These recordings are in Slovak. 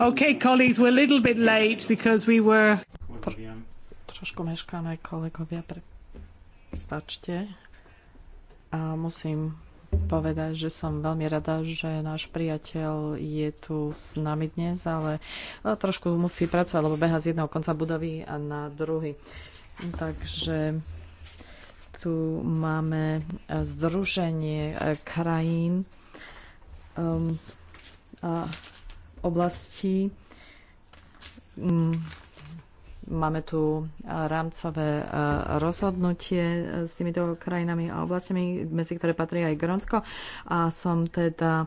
Okay, colleagues, we're a little bit late because we were... Tr- trošku meškáme, kolegovia, A musím povedať, že som veľmi rada, že náš priateľ je tu s nami dnes, ale trošku musí pracovať, lebo beha z jedného konca budovy a na druhý. Takže tu máme e, Združenie e, krajín um, a oblasti. Mm, máme tu rámcové e, rozhodnutie s týmito krajinami a oblastiami, medzi ktoré patrí aj Grónsko. A som teda e,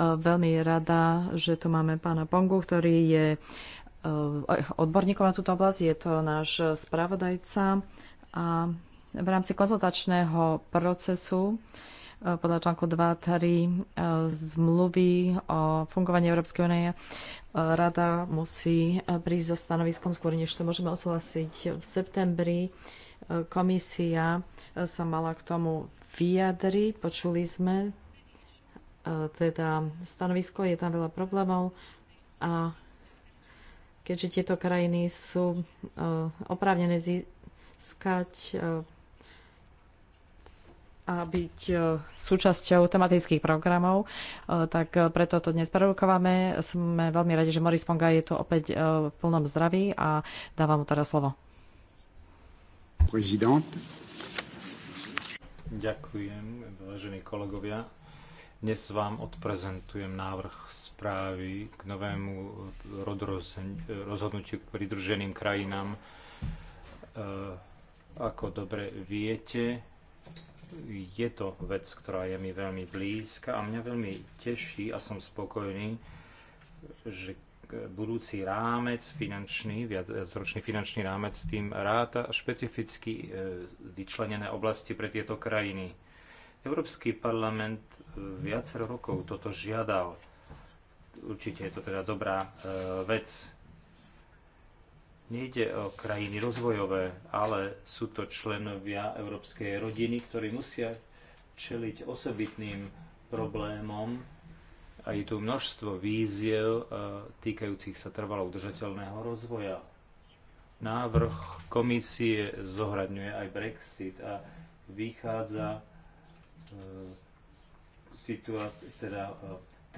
veľmi rada, že tu máme pána Pongu, ktorý je e, odborníkom na túto oblasť. Je to náš spravodajca a v rámci konzultačného procesu Eh, podľa článku 2.3 eh, zmluvy o fungovaní Európskej únie eh, rada musí prísť so stanoviskom skôr, než to môžeme odsúhlasiť v septembri. Komisia sa mala k tomu vyjadri, počuli sme teda stanovisko, je tam veľa problémov a keďže tieto krajiny sú oprávnené získať a byť e, súčasťou tematických programov, e, tak e, preto to dnes prerokávame. Sme veľmi radi, že Moris Ponga je tu opäť v plnom zdraví a dávam mu teraz slovo. Prezident. Ďakujem, vážení kolegovia. Dnes vám odprezentujem návrh správy k novému rozhodnutiu k pridruženým krajinám. Ako dobre viete, je to vec, ktorá je mi veľmi blízka a mňa veľmi teší a som spokojný, že budúci rámec finančný, viacročný finančný rámec tým ráta špecificky e, vyčlenené oblasti pre tieto krajiny. Európsky parlament e, viacero rokov toto žiadal. Určite je to teda dobrá e, vec. Nejde o krajiny rozvojové, ale sú to členovia európskej rodiny, ktorí musia čeliť osobitným problémom a je tu množstvo víziev eh, týkajúcich sa trvalo udržateľného rozvoja. Návrh komisie zohradňuje aj Brexit a vychádza eh, situácia, teda eh,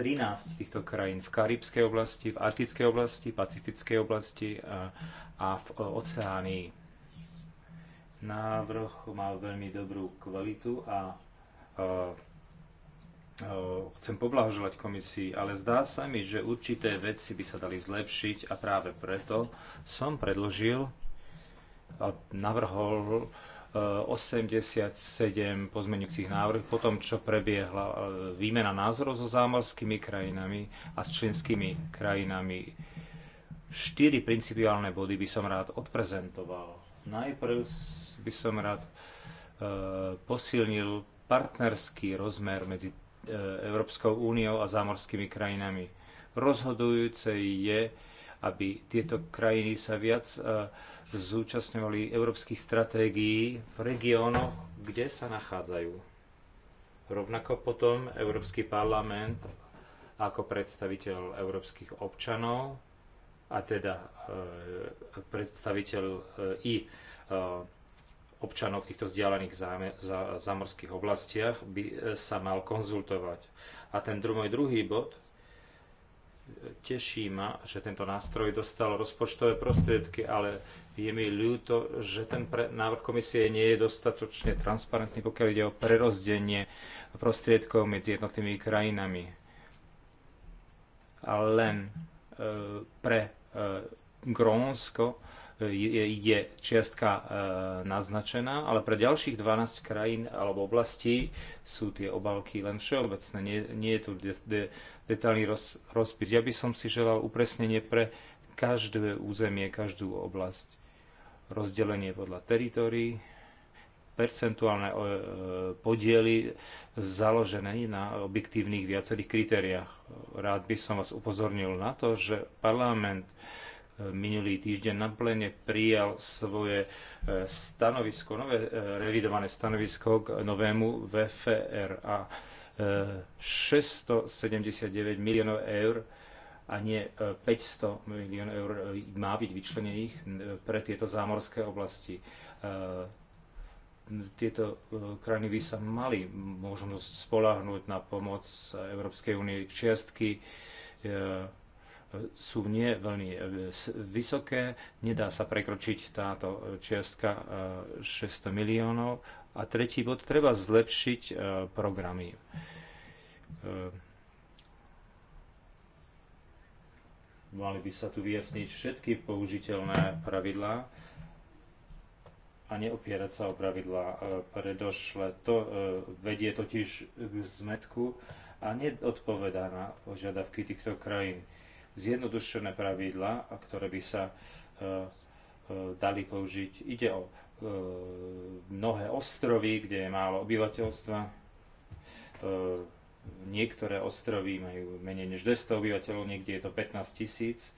13 týchto krajín v Karibskej oblasti, v Arktickej oblasti, Pacifickej oblasti a, a v Oceánii. Návrh má veľmi dobrú kvalitu a, a, a chcem poblahoželať komisii, ale zdá sa mi, že určité veci by sa dali zlepšiť a práve preto som predložil a navrhol 87 pozmeňujúcich návrh po tom, čo prebiehla e, výmena názorov so zámorskými krajinami a s členskými krajinami. Štyri principiálne body by som rád odprezentoval. Najprv by som rád e, posilnil partnerský rozmer medzi e, Európskou úniou a zámorskými krajinami. Rozhodujúce je, aby tieto krajiny sa viac e, zúčastňovali európskych stratégií v regiónoch, kde sa nachádzajú. Rovnako potom Európsky parlament ako predstaviteľ európskych občanov a teda e, predstaviteľ e, i občanov v týchto vzdialených zámorských oblastiach by sa mal konzultovať. A ten môj druhý bod Teší ma, že tento nástroj dostal rozpočtové prostriedky, ale je mi ľúto, že ten pre, návrh komisie nie je dostatočne transparentný, pokiaľ ide o prerozdenie prostriedkov medzi jednotlivými krajinami. A len e, pre e, Grónsko je čiastka e, naznačená, ale pre ďalších 12 krajín alebo oblastí sú tie obálky len všeobecné. Nie, nie je tu de, de, detálny roz, rozpis. Ja by som si želal upresnenie pre každé územie, každú oblasť. Rozdelenie podľa teritórií, percentuálne e, podiely založené na objektívnych viacerých kritériách. Rád by som vás upozornil na to, že parlament minulý týždeň na plene prijal svoje e, stanovisko, nové e, revidované stanovisko k novému VFR a 679 e, miliónov eur a nie 500 miliónov eur má byť vyčlenených pre tieto zámorské oblasti. Tieto krajiny by sa mali možnosť spolahnúť na pomoc Európskej únie čiastky sú nie veľmi eh, vysoké, nedá sa prekročiť táto eh, čiastka 600 eh, miliónov. A tretí bod, treba zlepšiť programy. Mali by sa tu vyjasniť všetky použiteľné pravidlá a neopierať sa o pravidlá predošle. To vedie totiž k zmetku a neodpovedá na požiadavky týchto krajín zjednodušené pravidla, ktoré by sa e, e, dali použiť. Ide o e, mnohé ostrovy, kde je málo obyvateľstva. Niektoré ostrovy majú menej než 200 obyvateľov, niekde je to 15 tisíc.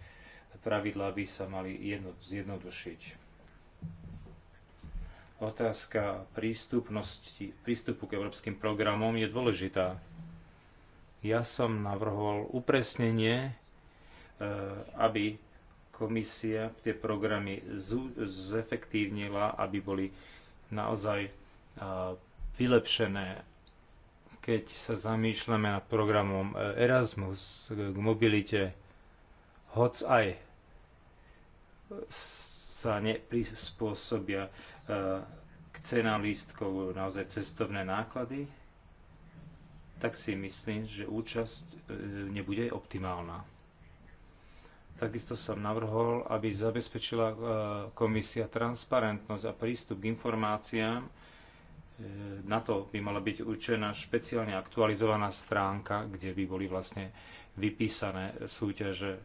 Pravidlá by sa mali jedno, zjednodušiť. Otázka prístupnosti, prístupu k európskym programom je dôležitá. Ja som navrhol upresnenie Eh, aby komisia tie programy zefektívnila, aby boli naozaj eh, vylepšené. Keď sa zamýšľame nad programom eh, Erasmus k mobilite, hoc aj sa neprispôsobia k cenám lístkov naozaj cestovné náklady, tak si myslím, že účasť nebude optimálna. Takisto som navrhol, aby zabezpečila e, komisia transparentnosť a prístup k informáciám. E, na to by mala byť určená špeciálne aktualizovaná stránka, kde by boli vlastne vypísané súťaže. E,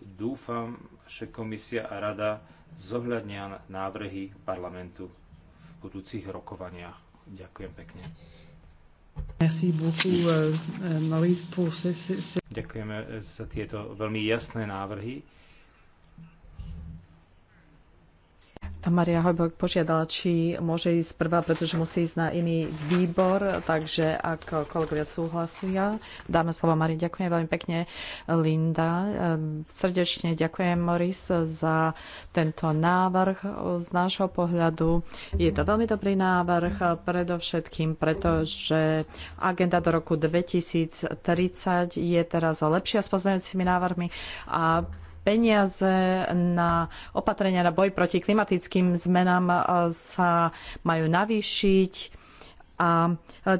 dúfam, že komisia a rada zohľadnia návrhy parlamentu v budúcich rokovaniach. Ďakujem pekne. Euh, euh, Ďakujeme za tieto veľmi jasné návrhy Maria Hojbok požiadala, či môže ísť prvá, pretože musí ísť na iný výbor, takže ak kolegovia súhlasia, dáme slovo Marii. Ďakujem veľmi pekne, Linda. Ehm, srdečne ďakujem, Moris, za tento návrh. Z nášho pohľadu je to veľmi dobrý návrh, predovšetkým pretože agenda do roku 2030 je teraz lepšia s pozmeňujúcimi návrhmi a peniaze na opatrenia na boj proti klimatickým zmenám e, sa majú navýšiť a e,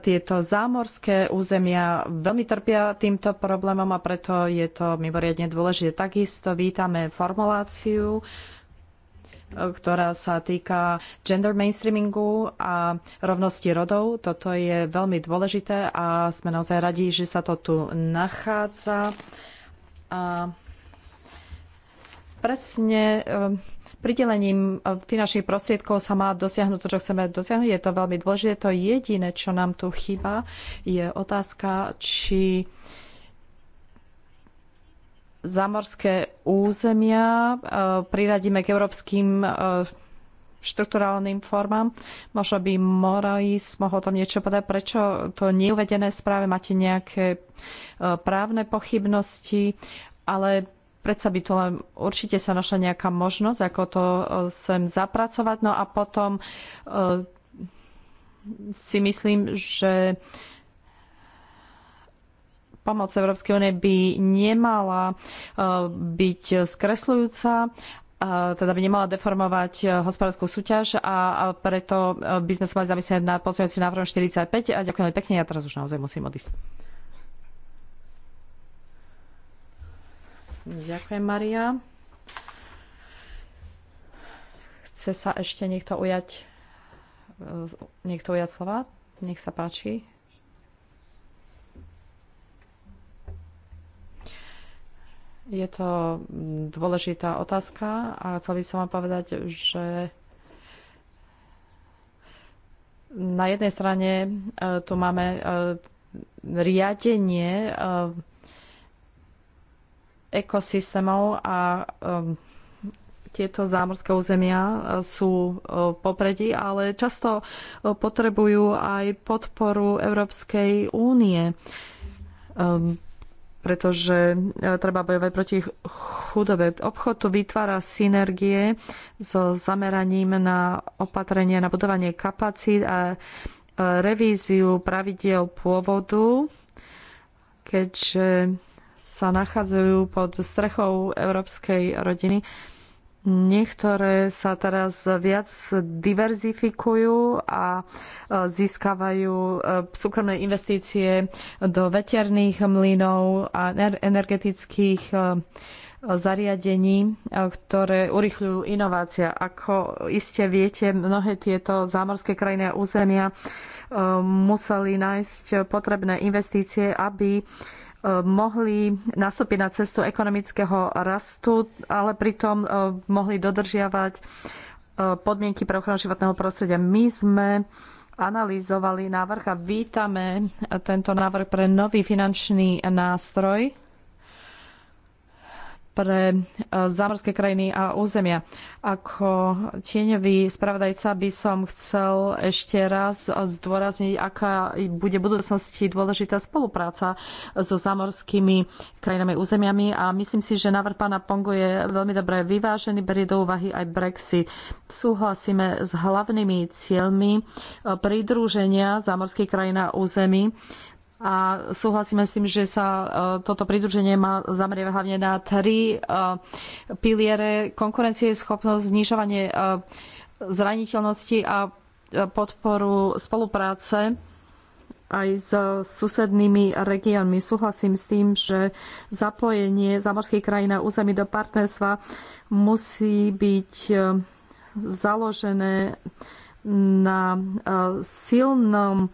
tieto zámorské územia veľmi trpia týmto problémom a preto je to mimoriadne dôležité. Takisto vítame formuláciu, e, ktorá sa týka gender mainstreamingu a rovnosti rodov. Toto je veľmi dôležité a sme naozaj radi, že sa to tu nachádza. A presne ehm, pridelením ehm, finančných prostriedkov sa má dosiahnuť to, čo chceme dosiahnuť. Je to veľmi dôležité. To jediné, čo nám tu chýba, je otázka, či zamorské územia ehm, priradíme k európskym štrukturálnym formám. Možno by Morais mohol tam niečo povedať, prečo to neuvedené uvedené správe, máte nejaké právne pochybnosti, ale predsa by tu len určite sa našla nejaká možnosť, ako to e, sem zapracovať. No a potom e, si myslím, že pomoc Európskej únie by nemala e, byť skresľujúca, teda by nemala deformovať hospodárskú súťaž a preto by sme sa mali zamyslieť na pozmeňujúci návrhom 45 a ďakujem pekne, ja teraz už naozaj musím odísť. Ďakujem, Maria. Chce sa ešte niekto ujať, e, niekto ujať slova? Nech sa páči. Je to dôležitá otázka a chcel by som vám povedať, že na jednej strane e, tu máme e, riadenie ekosystémov a um, tieto zámorské územia uh, sú uh, popredí, ale často uh, potrebujú aj podporu Európskej únie, um, pretože treba bojovať proti chudobe. Obchod tu vytvára synergie so zameraním na opatrenie na budovanie kapacít a revíziu pravidiel pôvodu, keďže sa nachádzajú pod strechou európskej rodiny. Niektoré sa teraz viac diverzifikujú a e, získavajú e, súkromné investície do veterných mlynov a energetických e, zariadení, ktoré urychľujú inovácia. Ako iste viete, mnohé tieto zámorské krajiny a územia museli nájsť potrebné investície, aby mohli nastúpiť na cestu ekonomického rastu, ale pritom e, mohli dodržiavať e, podmienky pre ochranu životného prostredia. My sme analyzovali návrh a vítame tento návrh pre nový finančný nástroj pre e, zámorské krajiny a územia. Ako tieňový spravodajca by som chcel ešte raz zdôrazniť, aká bude v budúcnosti dôležitá spolupráca so zámorskými krajinami a územiami a myslím si, že návrh pána Pongo je veľmi dobre vyvážený, berie do úvahy aj Brexit. Súhlasíme s hlavnými cieľmi e, pridruženia zámorských krajín a území a súhlasíme s tým, že sa e, toto pridruženie má zameriavať hlavne na tri e, piliere konkurencie, schopnosť, znižovanie e, zraniteľnosti a podporu spolupráce aj s susednými regiónmi. Súhlasím s tým, že zapojenie zamorských krajín na území do partnerstva musí byť založené na silnom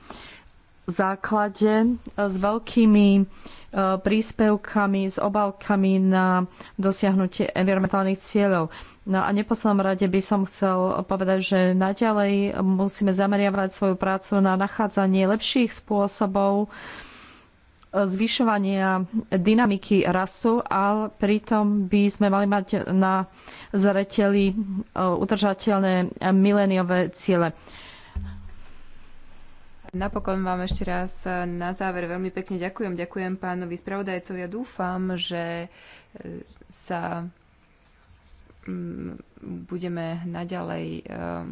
základe e, s veľkými e, príspevkami, s obálkami na dosiahnutie environmentálnych cieľov. No a neposlednom rade by som chcel povedať, že naďalej musíme zameriavať svoju prácu na nachádzanie lepších spôsobov e, zvyšovania dynamiky rastu, ale pritom by sme mali mať na zreteli udržateľné mileniové ciele. Napokon vám ešte raz na záver veľmi pekne ďakujem. Ďakujem pánovi spravodajcov. Ja dúfam, že e, sa mm, budeme naďalej e,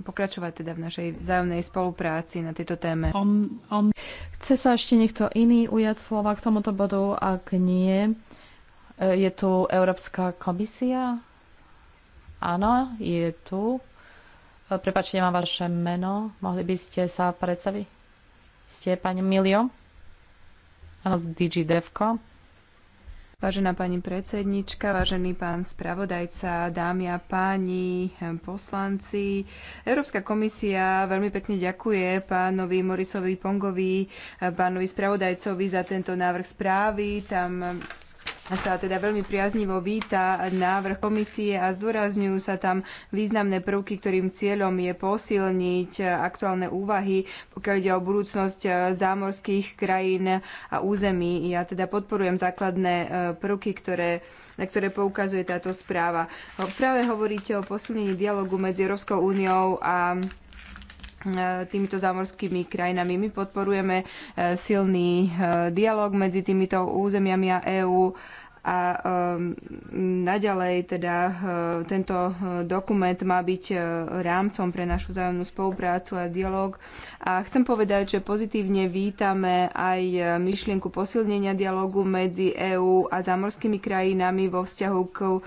pokračovať teda v našej vzájomnej spolupráci na tejto téme. On, on. Chce sa ešte niekto iný ujať slova k tomuto bodu? Ak nie, e, je tu Európska komisia? Áno, je tu. Prepačte, nemám vaše meno. Mohli by ste sa predstaviť? ste, pani Milio? Áno, z DigiDevko. Vážená pani predsednička, vážený pán spravodajca, dámy a páni poslanci, Európska komisia veľmi pekne ďakuje pánovi Morisovi Pongovi, pánovi spravodajcovi za tento návrh správy. Tam sa teda veľmi priaznivo víta návrh komisie a zdôrazňujú sa tam významné prvky, ktorým cieľom je posilniť aktuálne úvahy, pokiaľ ide o budúcnosť eh, zámorských krajín a území. Ja teda podporujem základné eh, prvky, ktoré na ktoré poukazuje táto správa. Práve hovoríte o posilnení dialogu medzi Európskou úniou a týmito zámorskými krajinami. My podporujeme e, silný e, dialog medzi týmito územiami a EÚ a ehm, naďalej teda eh, tento eh, dokument má byť eh, rámcom pre našu vzájomnú spoluprácu a dialog. A chcem povedať, že pozitívne vítame aj myšlienku posilnenia dialogu medzi EÚ a zamorskými krajinami vo vzťahu k ehm,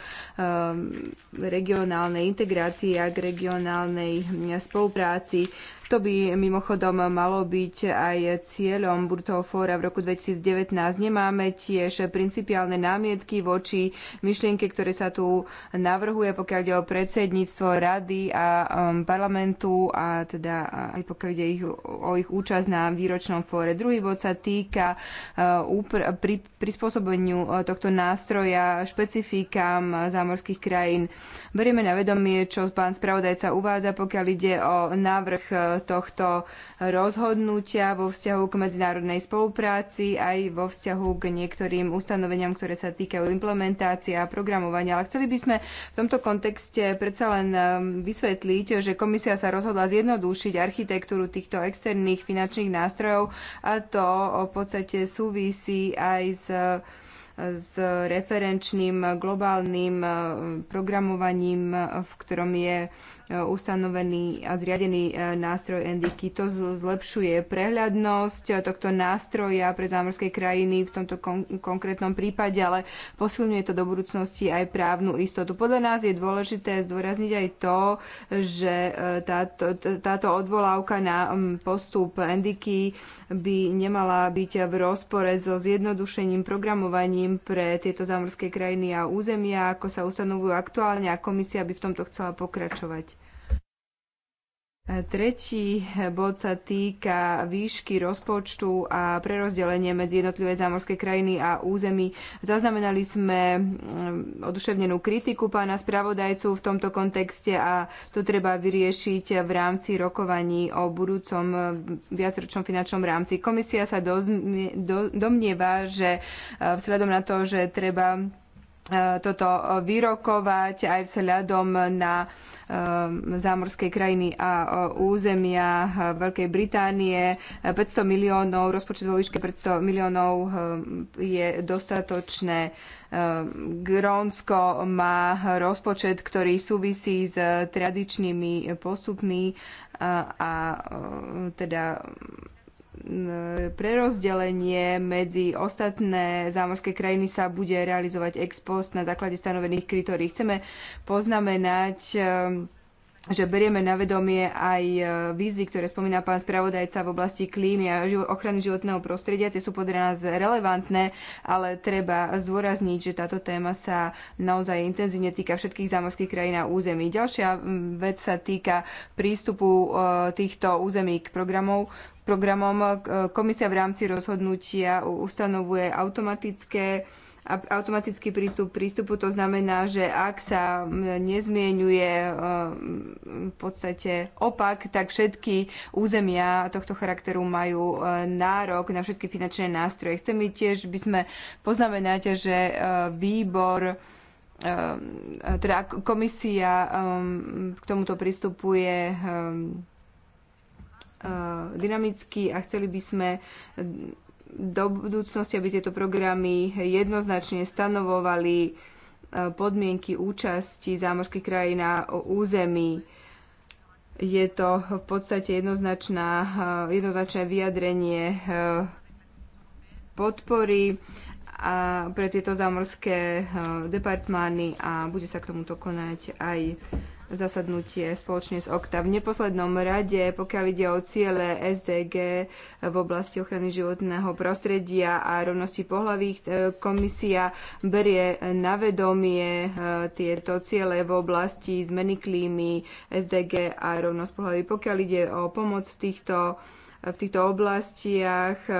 regionálnej integrácii a k regionálnej mm, spolupráci to by mimochodom malo byť aj cieľom Burtoho fóra v roku 2019. Nemáme tiež principiálne námietky voči myšlienke, ktoré sa tu navrhuje, pokiaľ ide o predsedníctvo rady a um, parlamentu a teda aj pokiaľ ide ich, o ich účasť na výročnom fóre. Druhý bod sa týka uh, pri, prispôsobeniu uh, tohto nástroja špecifikám zámorských krajín. Berieme na vedomie, čo pán spravodajca uvádza, pokiaľ ide o návrh uh, tohto rozhodnutia vo vzťahu k medzinárodnej spolupráci aj vo vzťahu k niektorým ustanoveniam, ktoré sa týkajú implementácie a programovania. Ale chceli by sme v tomto kontexte predsa len um, vysvetliť, že komisia sa rozhodla zjednodušiť architektúru týchto externých finančných nástrojov a to v podstate súvisí aj s s referenčným globálnym um, programovaním, v ktorom je ustanovený a zriadený e, nástroj NDK. To zlepšuje prehľadnosť e, tohto nástroja pre zámorské krajiny v tomto kon- konkrétnom prípade, ale posilňuje to do budúcnosti aj právnu istotu. Podľa nás je dôležité zdôrazniť aj to, že e, táto, táto odvolávka na postup NDK by nemala byť v rozpore so zjednodušením programovaním pre tieto zámorské krajiny a územia, ako sa ustanovujú aktuálne a komisia by v tomto chcela pokračovať. E, tretí bod sa týka výšky rozpočtu a prerozdelenie medzi jednotlivé zámorské krajiny a území. Zaznamenali sme mm, oduševnenú kritiku pána spravodajcu v tomto kontexte a to treba vyriešiť v rámci rokovaní o budúcom mm, viacročnom finančnom rámci. Komisia sa dozmie, do, domnieva, že e, vzhľadom na to, že treba E, toto vyrokovať aj vzhľadom na e, zámorské krajiny a e, územia Veľkej Británie. 500 miliónov, rozpočet vo výške 500 miliónov je dostatočné. Grónsko má rozpočet, ktorý súvisí s tradičnými postupmi a teda prerozdelenie medzi ostatné zámorské krajiny sa bude realizovať ex post na základe stanovených kritérií. Chceme poznamenať e, že berieme na vedomie aj e, výzvy, ktoré spomína pán spravodajca v oblasti klímy a ochrany životného prostredia. Tie sú podľa nás relevantné, ale treba zdôrazniť, že táto téma sa naozaj intenzívne týka všetkých zámorských krajín a území. Ďalšia vec sa týka prístupu e, týchto území k programov programom e, komisia v rámci rozhodnutia ustanovuje automatické automatický prístup prístupu. To znamená, že ak sa nezmienuje e, v podstate opak, tak všetky územia tohto charakteru majú e, nárok na všetky finančné nástroje. Chceme tiež by sme poznamenať, že výbor teda komisia k tomuto je Eh, dynamicky a chceli by sme eh, do budúcnosti, aby tieto programy jednoznačne stanovovali eh, podmienky účasti zámorských krajín na území. Je to v podstate jednoznačné vyjadrenie podpory a pre tieto zámorské departmány a bude sa k tomuto konať aj zasadnutie spoločne s OKTA. V neposlednom rade, pokiaľ ide o ciele SDG v oblasti ochrany životného prostredia a rovnosti pohlaví, e, komisia berie na vedomie e, tieto ciele v oblasti zmeny klímy, SDG a rovnosť pohlaví. Pokiaľ ide o pomoc v týchto v týchto oblastiach e,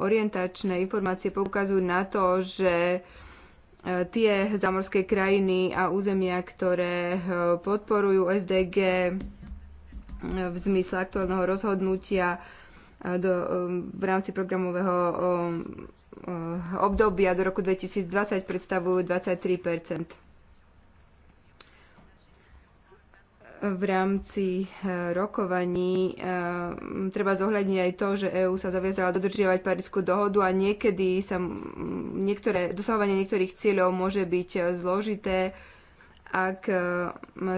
orientačné informácie poukazujú na to, že Eh, tie zamorské krajiny a územia, ktoré eh, podporujú SDG eh, v zmysle aktuálneho rozhodnutia do, v rámci programového obdobia do roku 2020 predstavujú 23 v rámci e, rokovaní e, treba zohľadniť aj to, že EÚ sa zaviazala dodržiavať Parísku dohodu a niekedy sa niektoré, dosahovanie niektorých cieľov môže byť e, zložité, ak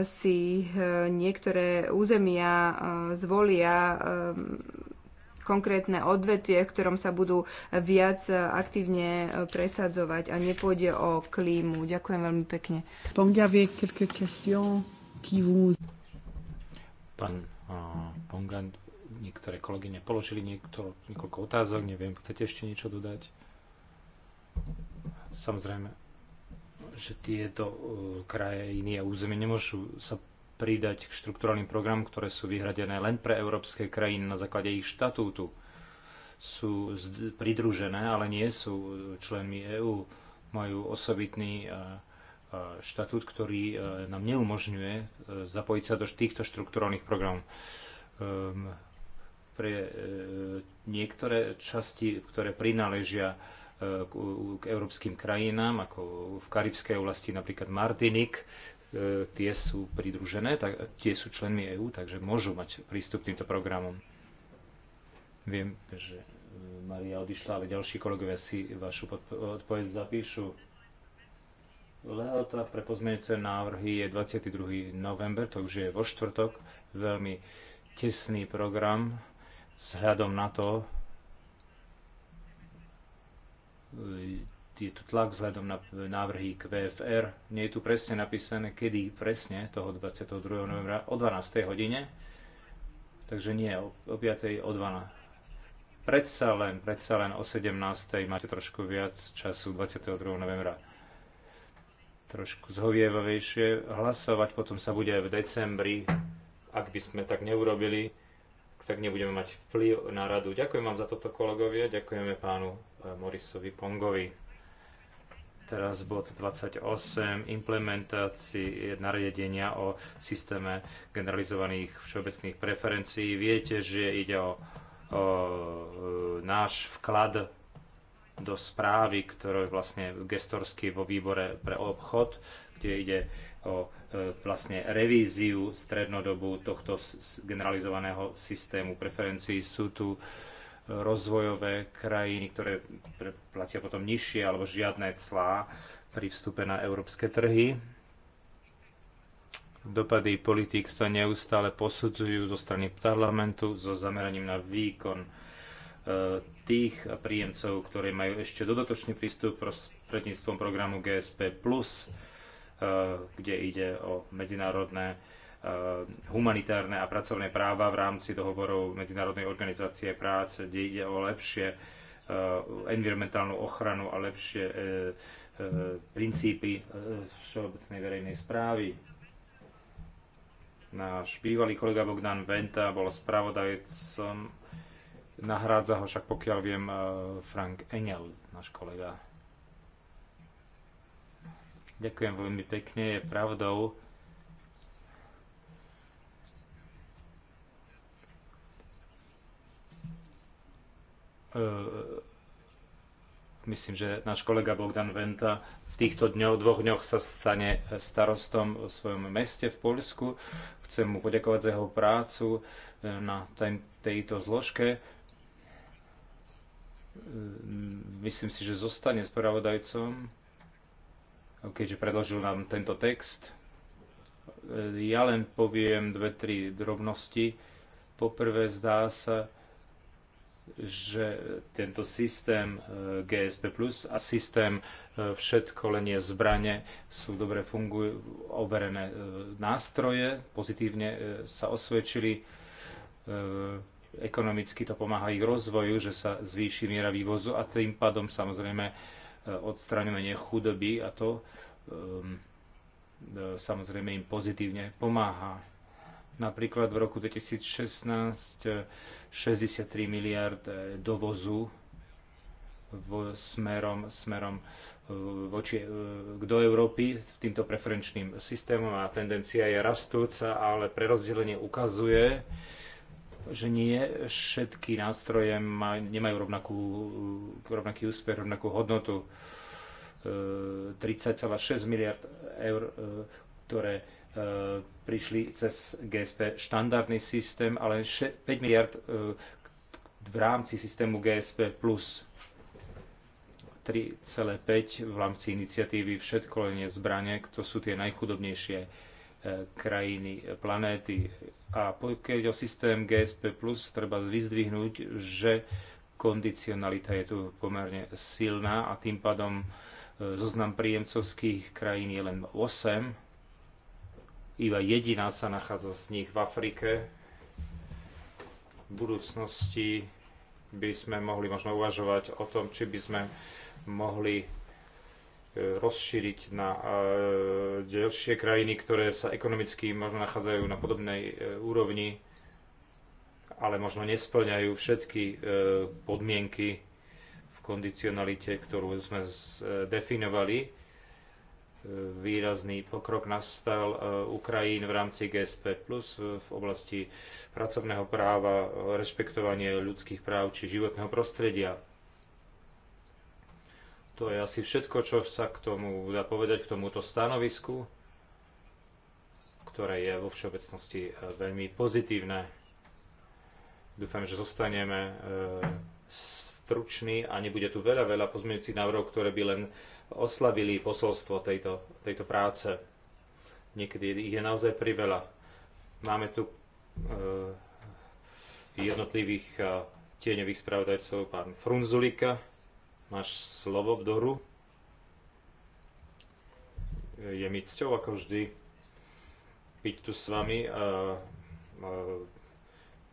si niektoré územia zvolia konkrétne odvetvie, v ktorom sa budú viac aktívne presadzovať a nepôjde o klímu. Ďakujem veľmi pekne. Bon, qui vont... Pán Pongan, niektoré kolegyne položili niektor, niekoľko otázok, neviem, chcete ešte niečo dodať? Samozrejme, že tieto e, krajiny a územie nemôžu sa pridať k štrukturálnym programom, ktoré sú vyhradené len pre európske krajiny na základe ich štatútu. Sú pridružené, ale nie sú členmi EÚ. Majú osobitný uh, E, štatút, ktorý e, nám neumožňuje e, zapojiť sa do týchto štruktúrovných programov. Ehm, pre niektoré časti, ktoré prináležia k európskym krajinám, ako v karibskej oblasti napríklad Martinik, tie sú pridružené, tak, tie sú členmi EÚ, takže môžu mať prístup k týmto programom. Viem, že Maria odišla, ale ďalší kolegovia si vašu odpoveď zapíšu. Lehota pre pozmeňujúce návrhy je 22. november, to už je vo štvrtok, veľmi tesný program hľadom na to, je tu tlak vzhľadom na návrhy k VFR. Nie je tu presne napísané, kedy presne toho 22. novembra o 12. hodine. Takže nie o 5. o 12. Predsa len, predsa len o 17. máte trošku viac času 22. novembra trošku zhovievavejšie hlasovať. Potom sa bude v decembri, ak by sme tak neurobili, tak nebudeme mať vplyv na radu. Ďakujem vám za toto, kolegovia. Ďakujeme pánu e, Morisovi Pongovi. Teraz bod 28, implementácii nariadenia o systéme generalizovaných všeobecných preferencií. Viete, že ide o, o e, náš vklad do správy, ktorá je vlastne gestorsky vo výbore pre obchod, kde ide o e, vlastne revíziu strednodobu tohto generalizovaného systému preferencií. Sú tu e, rozvojové krajiny, ktoré platia potom nižšie alebo žiadne clá pri vstupe na európske trhy. Dopady politik sa neustále posudzujú zo strany parlamentu so zameraním na výkon E, tých príjemcov, ktorí majú ešte dodatočný prístup prostredníctvom programu GSP+, e, kde ide o medzinárodné e, humanitárne a pracovné práva v rámci dohovorov Medzinárodnej organizácie práce, kde ide o lepšie environmentálnu ochranu a lepšie princípy všeobecnej verejnej správy. Náš bývalý kolega Bogdan Venta bol spravodajcom Nahrádza ho však, pokiaľ viem, e, Frank Engel, náš kolega. Ďakujem veľmi pekne, je pravdou, e, myslím, že náš kolega Bogdan Venta v týchto dňoch, dvoch dňoch sa stane starostom v svojom meste v Poľsku. Chcem mu poďakovať za jeho prácu e, na tejto zložke. Ehm, myslím si, že zostane spravodajcom, keďže predložil nám tento text. Ehm, ja len poviem dve, tri drobnosti. Poprvé zdá sa, že tento systém ehm, GSP Plus a systém všetko je zbranie sú dobre fungujú, overené nástroje, pozitívne sa osvedčili ekonomicky to pomáha ich rozvoju, že sa zvýši miera vývozu a tým pádom samozrejme e, odstraňovanie chudoby a to um, samozrejme im pozitívne pomáha. Napríklad v roku 2016 63 e, miliard dovozu v smerom, smerom voči, do Európy s týmto preferenčným systémom a tendencia je rastúca, ale prerozdelenie ukazuje, že nie všetky nástroje maj, nemajú rovnakú, rovnaký úspech, rovnakú hodnotu. 30,6 e, miliard eur, e, ktoré e, prišli cez GSP štandardný systém, ale 5 miliard v rámci systému GSP plus 3,5 v rámci iniciatívy všetko len je zbranie, to sú tie najchudobnejšie E, krajiny e, planéty. A pokiaľ o systém GSP+, treba vyzdvihnúť, že kondicionalita je tu pomerne silná a tým pádom e, zoznam príjemcovských krajín je len 8. Iba jediná sa nachádza z nich v Afrike. V budúcnosti by sme mohli možno uvažovať o tom, či by sme mohli rozšíriť na e, ďalšie krajiny, ktoré sa ekonomicky možno nachádzajú na podobnej e, úrovni, ale možno nesplňajú všetky e, podmienky v kondicionalite, ktorú sme definovali. Výrazný pokrok nastal Ukrajín v rámci GSP+, v oblasti pracovného práva, rešpektovanie ľudských práv či životného prostredia to je asi všetko, čo sa k tomu dá povedať, k tomuto stanovisku, ktoré je vo všeobecnosti e, veľmi pozitívne. Dúfam, že zostaneme e, stručný a nebude tu veľa, veľa pozmeňujúcich návrhov, ktoré by len oslavili posolstvo tejto, tejto práce. Niekedy ich je naozaj priveľa. Máme tu e, jednotlivých tieňových spravodajcov, pán Frunzulika, Máš slovo, Doru. Je mi cťou, ako vždy, byť tu s vami. A, a,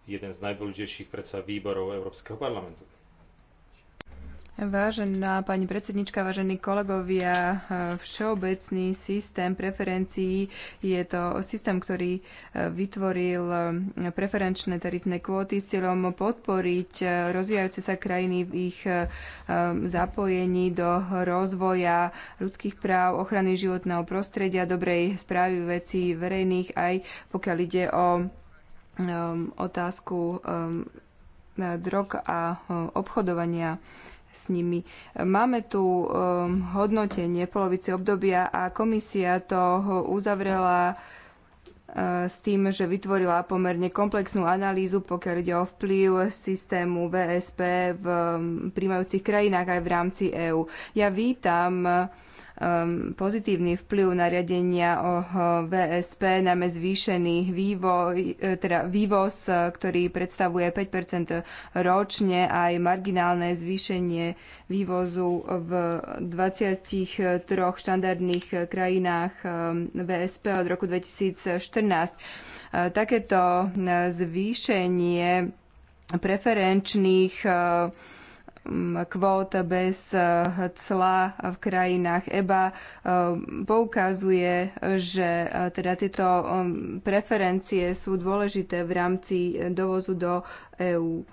jeden z najdôležitejších predsa výborov Európskeho parlamentu. Vážená pani predsednička, vážení kolegovia, eh, všeobecný systém preferencií je to systém, ktorý eh, vytvoril eh, preferenčné tarifné kvóty s cieľom podporiť rozvíjajúce sa krajiny v ich zapojení do rozvoja ľudských práv, ochrany životného prostredia, dobrej správy vecí verejných, aj pokiaľ ide o otázku drog a obchodovania s nimi. Máme tu um, hodnotenie polovici obdobia a komisia to uzavrela uh, s tým, že vytvorila pomerne komplexnú analýzu, pokiaľ ide o vplyv systému VSP v um, príjmajúcich krajinách aj v rámci EÚ. Ja vítam uh, Um, pozitívny vplyv nariadenia o VSP, najmä zvýšený vývoj, e, teda vývoz, e, ktorý predstavuje 5 ročne, aj marginálne zvýšenie vývozu v 23 štandardných krajinách e, VSP od roku 2014. Takéto zvýšenie preferenčných kvót bez e, cla v krajinách. EBA e, poukazuje, že e, teda tieto preferencie sú dôležité v rámci dovozu do EÚ.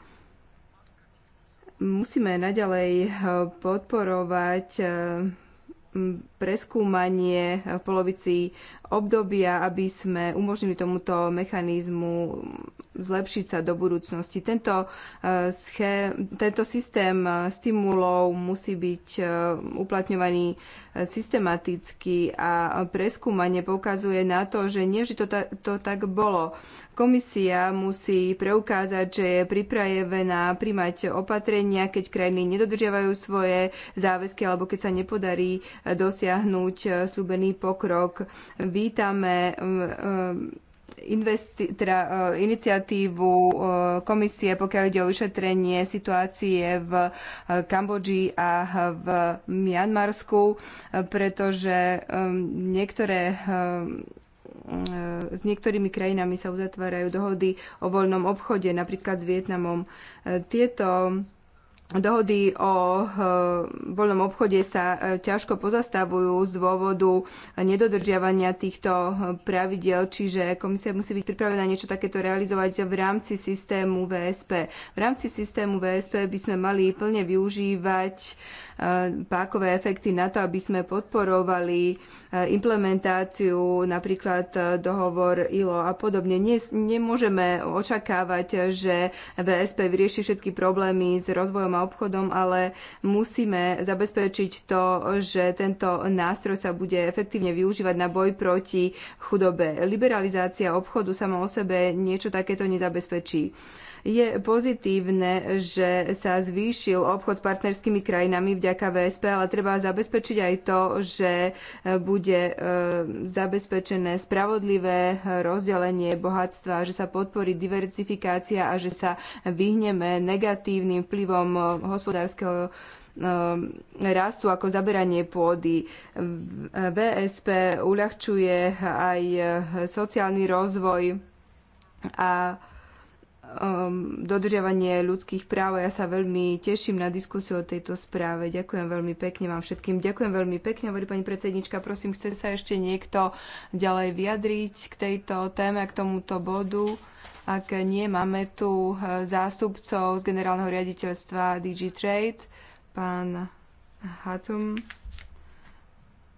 Musíme naďalej podporovať preskúmanie v polovici obdobia, aby sme umožnili tomuto mechanizmu zlepšiť sa do budúcnosti. Tento, eh, schém, tento systém eh, stimulov musí byť eh, uplatňovaný systematicky a preskúmanie poukazuje na to, že nie vždy to, ta, to tak bolo. Komisia musí preukázať, že je pripravená príjmať opatrenia, keď krajiny nedodržiavajú svoje záväzky alebo keď sa nepodarí dosiahnuť slúbený pokrok vítame um, um, investi- teda, uh, iniciatívu uh, komisie, pokiaľ ide o vyšetrenie situácie v uh, Kambodži a v Mianmarsku, pretože um, niektoré s niektorými krajinami sa uzatvárajú dohody o voľnom obchode, napríklad s Vietnamom. Tieto Dohody o eh, voľnom obchode sa eh, ťažko pozastavujú z dôvodu nedodržiavania týchto eh, pravidiel, čiže komisia musí byť pripravená niečo takéto realizovať v rámci systému VSP. V rámci systému VSP by sme mali plne využívať Eh, pákové efekty na to, aby sme podporovali eh, implementáciu, napríklad eh, dohovor ILO a podobne. nemôžeme očakávať, že VSP vyrieši všetky problémy s rozvojom a obchodom, ale musíme zabezpečiť to, že tento nástroj sa bude efektívne využívať na boj proti chudobe. Liberalizácia obchodu sama o sebe niečo takéto nezabezpečí je pozitívne, že sa zvýšil obchod partnerskými krajinami vďaka vďaka VSP, ale treba zabezpečiť aj to, že e, bude e, zabezpečené spravodlivé rozdelenie bohatstva, že sa podporí diversifikácia a že sa vyhneme negatívnym vplyvom e, hospodárskeho rastu ako zaberanie pôdy. VSP uľahčuje aj sociálny rozvoj a um, dodržiavanie ľudských práv. Ja sa veľmi teším na diskusiu o tejto správe. Ďakujem veľmi pekne vám všetkým. Ďakujem veľmi pekne, hovorí pani predsednička. Prosím, chce sa ešte niekto ďalej vyjadriť k tejto téme, k tomuto bodu? Ak nie, máme tu eh, zástupcov z generálneho riaditeľstva DG Trade, pán Hatum.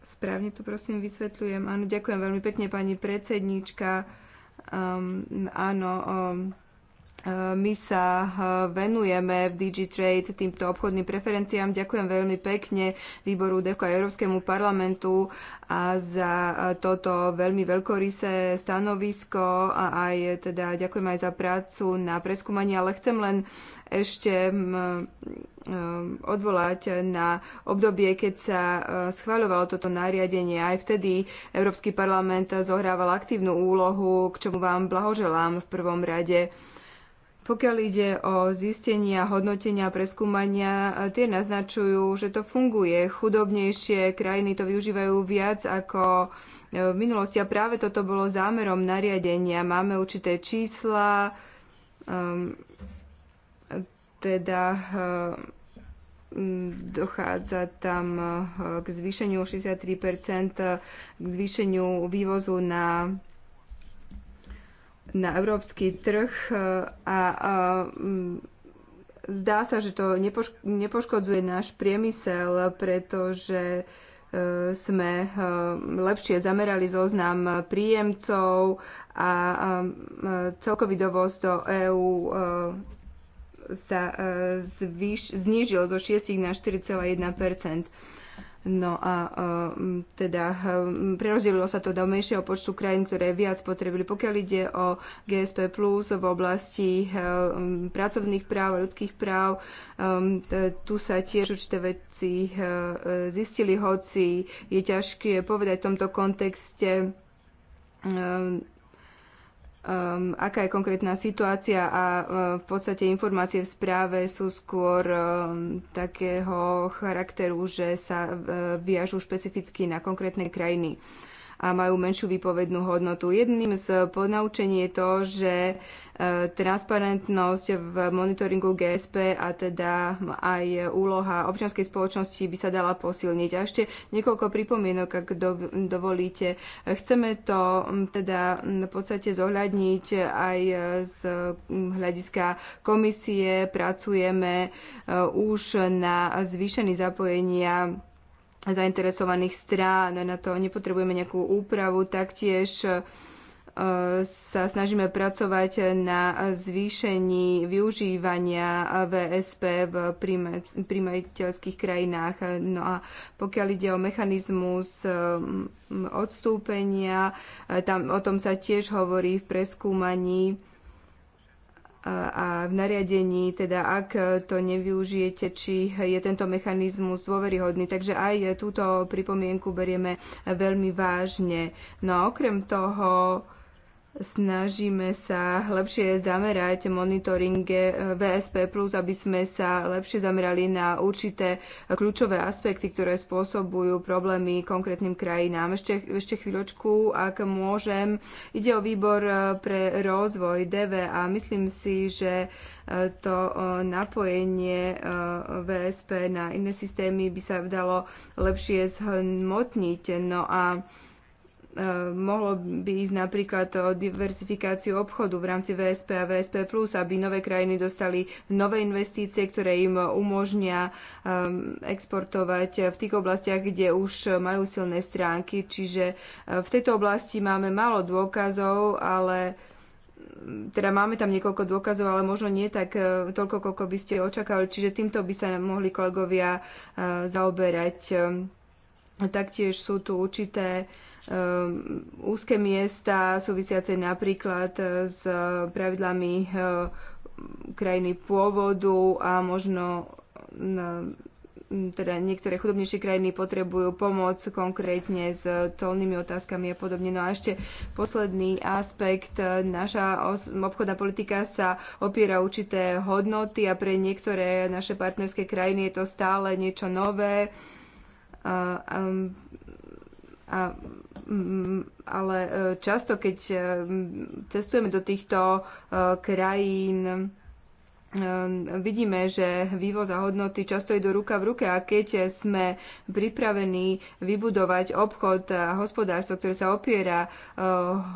Správne to prosím vysvetľujem. Áno, ďakujem veľmi pekne, pani predsednička. Um, áno, um, Ehm, my sa ehm, venujeme v DigiTrade týmto obchodným preferenciám. Ďakujem veľmi pekne výboru DEFKO a Európskemu parlamentu a za ehm, toto veľmi veľkorysé stanovisko a aj teda ďakujem aj za prácu na preskúmanie, ale chcem len ešte odvolať na obdobie, keď sa schváľovalo toto nariadenie. Aj vtedy Európsky parlament zohrával aktívnu úlohu, k čomu vám blahoželám v prvom rade. Pokiaľ ide o zistenia, hodnotenia, preskúmania, tie naznačujú, že to funguje. Chudobnejšie krajiny to využívajú viac ako e, v minulosti a práve toto bolo zámerom nariadenia. Máme určité čísla, um, teda e, dochádza tam e, k zvýšeniu 63%, k zvýšeniu vývozu na na európsky trh e, a, a mm, zdá sa, že to nepoškodzuje náš priemysel, pretože e, sme e, lepšie zamerali zoznam príjemcov a celkový dovoz do EÚ sa zvýš, znížil zo 6 na 4,1 No a um, teda um, prerozdelilo sa to do menšieho počtu krajín, ktoré viac potrebili. Pokiaľ ide o GSP Plus v oblasti um, pracovných práv a ľudských práv, tu sa tiež určité veci uh, zistili, hoci je ťažké povedať v tomto kontexte um, aká je konkrétna situácia a uh, v podstate informácie v správe sú skôr um, takého charakteru, že sa uh, viažú špecificky na konkrétne krajiny. Uh, a majú menšiu výpovednú hodnotu. Jedným z podnaučení je to, že e, transparentnosť v monitoringu GSP a teda aj úloha občianskej spoločnosti by sa dala posilniť. A ešte niekoľko pripomienok, ak dovolíte. Chceme to teda v podstate zohľadniť aj e, z hľadiska komisie. Pracujeme e, už na zvýšení zapojenia zainteresovaných strán. Na to nepotrebujeme nejakú úpravu, taktiež e, sa snažíme pracovať na zvýšení využívania VSP v príjmateľských krajinách. No a pokiaľ ide o mechanizmus e, odstúpenia, e, tam, o tom sa tiež hovorí v preskúmaní a v nariadení, teda ak to nevyužijete, či je tento mechanizmus dôveryhodný. Takže aj túto pripomienku berieme veľmi vážne. No a okrem toho, snažíme sa lepšie zamerať monitoring eh, VSP+, aby sme sa lepšie zamerali na určité kľúčové aspekty, ktoré spôsobujú problémy konkrétnym krajinám. Ešte, ešte chvíľočku, ak môžem. Ide o výbor eh, pre rozvoj DV a myslím si, že eh, to napojenie VSP na iné systémy by sa dalo lepšie zhmotniť. No a E, mohlo by ísť napríklad o diversifikáciu obchodu v rámci VSP a VSP+, aby nové krajiny dostali nové investície, ktoré im umožnia um, exportovať v tých oblastiach, kde už majú silné stránky. Čiže e, v tejto oblasti máme málo dôkazov, ale mm, teda máme tam niekoľko dôkazov, ale možno nie tak e, toľko, koľko by ste očakávali. Čiže týmto by sa mohli kolegovia zaoberať. Taktiež sú tu určité uh, Ehm, úzke miesta súvisiace napríklad e, s pravidlami e, krajiny pôvodu a možno teda niektoré chudobnejšie krajiny potrebujú pomoc konkrétne s colnými otázkami a podobne. No a ešte posledný aspekt. E, naša obchodná politika sa opiera určité hodnoty a pre niektoré naše partnerské krajiny je to stále niečo nové. A, a, a Mm, ale e, často, keď e, cestujeme do týchto e, krajín, Ehm, vidíme, že vývoz a hodnoty často idú ruka v ruke a keď sme pripravení vybudovať obchod a hospodárstvo, ktoré sa opiera eh,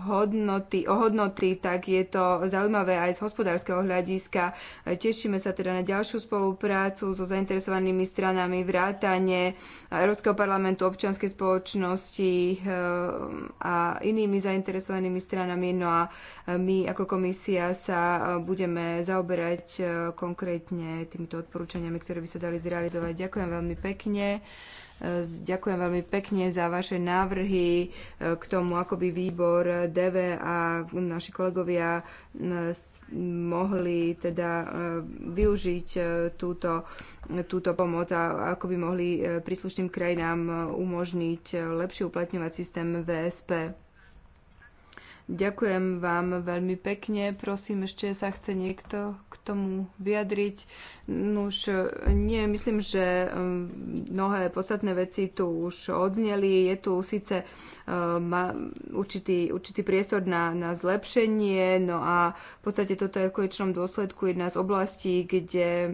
hodnoty, o hodnoty, tak je to zaujímavé aj z hospodárskeho hľadiska. Tešíme sa teda na ďalšiu spoluprácu so zainteresovanými stranami vrátane Európskeho parlamentu, občianskej spoločnosti eh, a inými zainteresovanými stranami. No a my ako komisia sa budeme zaoberať E, konkrétne týmito odporúčaniami, ktoré by sa dali zrealizovať. Ďakujem veľmi pekne. E, ďakujem veľmi pekne za vaše návrhy e, k tomu, ako by výbor DV a naši kolegovia mohli teda využiť túto, túto pomoc a ako by mohli príslušným krajinám umožniť lepšie uplatňovať systém VSP. Ďakujem vám veľmi pekne. Prosím, ešte sa chce niekto k tomu vyjadriť. Nuž, nie, myslím, že mm, mnohé podstatné veci tu už odzneli. Je tu síce e, má určitý, určitý priestor na, na zlepšenie, no a v podstate toto je v konečnom dôsledku jedna z oblastí, kde e,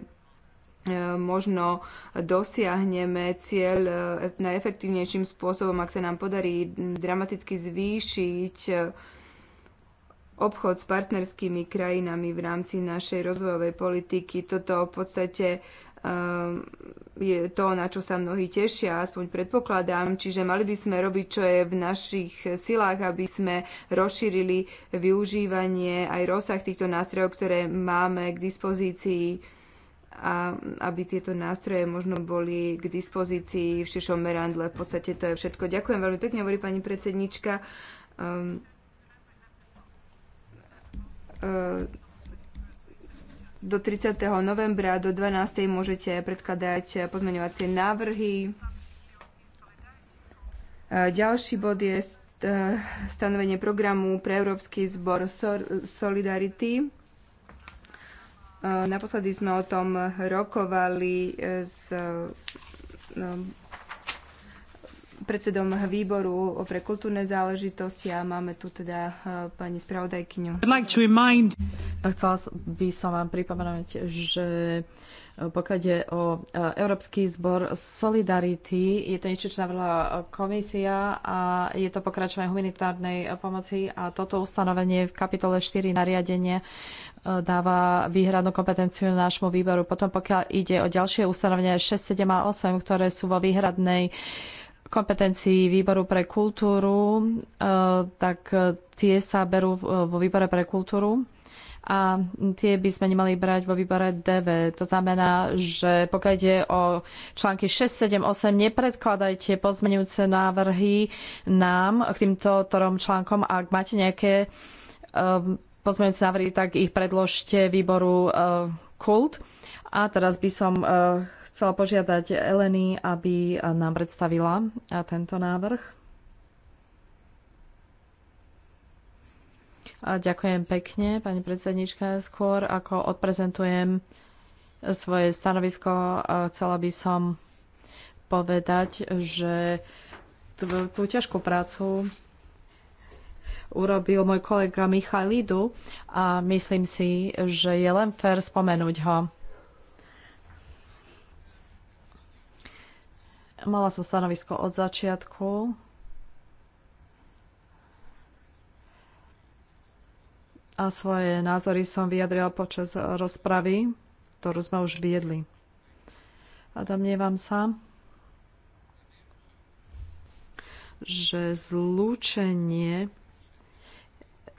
možno dosiahneme cieľ e, najefektívnejším spôsobom, ak sa nám podarí dramaticky zvýšiť obchod s partnerskými krajinami v rámci našej rozvojovej politiky. Toto v podstate ehm, je to, na čo sa mnohí tešia, aspoň predpokladám. Čiže mali by sme robiť, čo je v našich silách, aby sme rozšírili využívanie aj rozsah týchto nástrojov, ktoré máme k dispozícii a aby tieto nástroje možno boli k dispozícii v širšom merandle. V podstate to je všetko. Ďakujem veľmi pekne, hovorí pani predsednička. Um, E, do 30. novembra do 12. môžete predkladať pozmeňovacie návrhy. E, ďalší bod je e, stanovenie programu pre Európsky zbor Solidarity. Naposledy sme o tom rokovali s predsedom výboru pre kultúrne záležitosti a máme tu teda eh, pani spravodajkyňu. Chcela by som vám pripomenúť, že eh, pokiaľ je o eh, Európsky zbor Solidarity, je to niečo, čo navrhla komisia a je to pokračovanie humanitárnej pomoci a toto ustanovenie v kapitole 4 nariadenie dáva výhradnú kompetenciu nášmu výboru. Potom pokiaľ ide o ďalšie ustanovenie 6, 7 a 8, ktoré sú vo výhradnej uh, kompetencií výboru pre kultúru, eh, tak eh, tie sa berú eh, vo výbore pre kultúru a tie by sme nemali brať vo výbore DV. To znamená, že pokiaľ ide o články 6, 7, 8, nepredkladajte pozmenujúce návrhy nám k týmto trom článkom. Ak máte nejaké pozmenujúce návrhy, tak ich predložte výboru Kult. A teraz by som uh, chcela požiadať Eleny, aby nám predstavila tento návrh. A ďakujem pekne, pani predsednička. Skôr ako odprezentujem svoje stanovisko, chcela by som povedať, že tú ťažkú prácu urobil môj kolega Michal Lidu a myslím si, že je len fér spomenúť ho. Mala som stanovisko od začiatku. A svoje názory som vyjadrila počas rozpravy, ktorú sme už viedli. A domnievam sa, že zlúčenie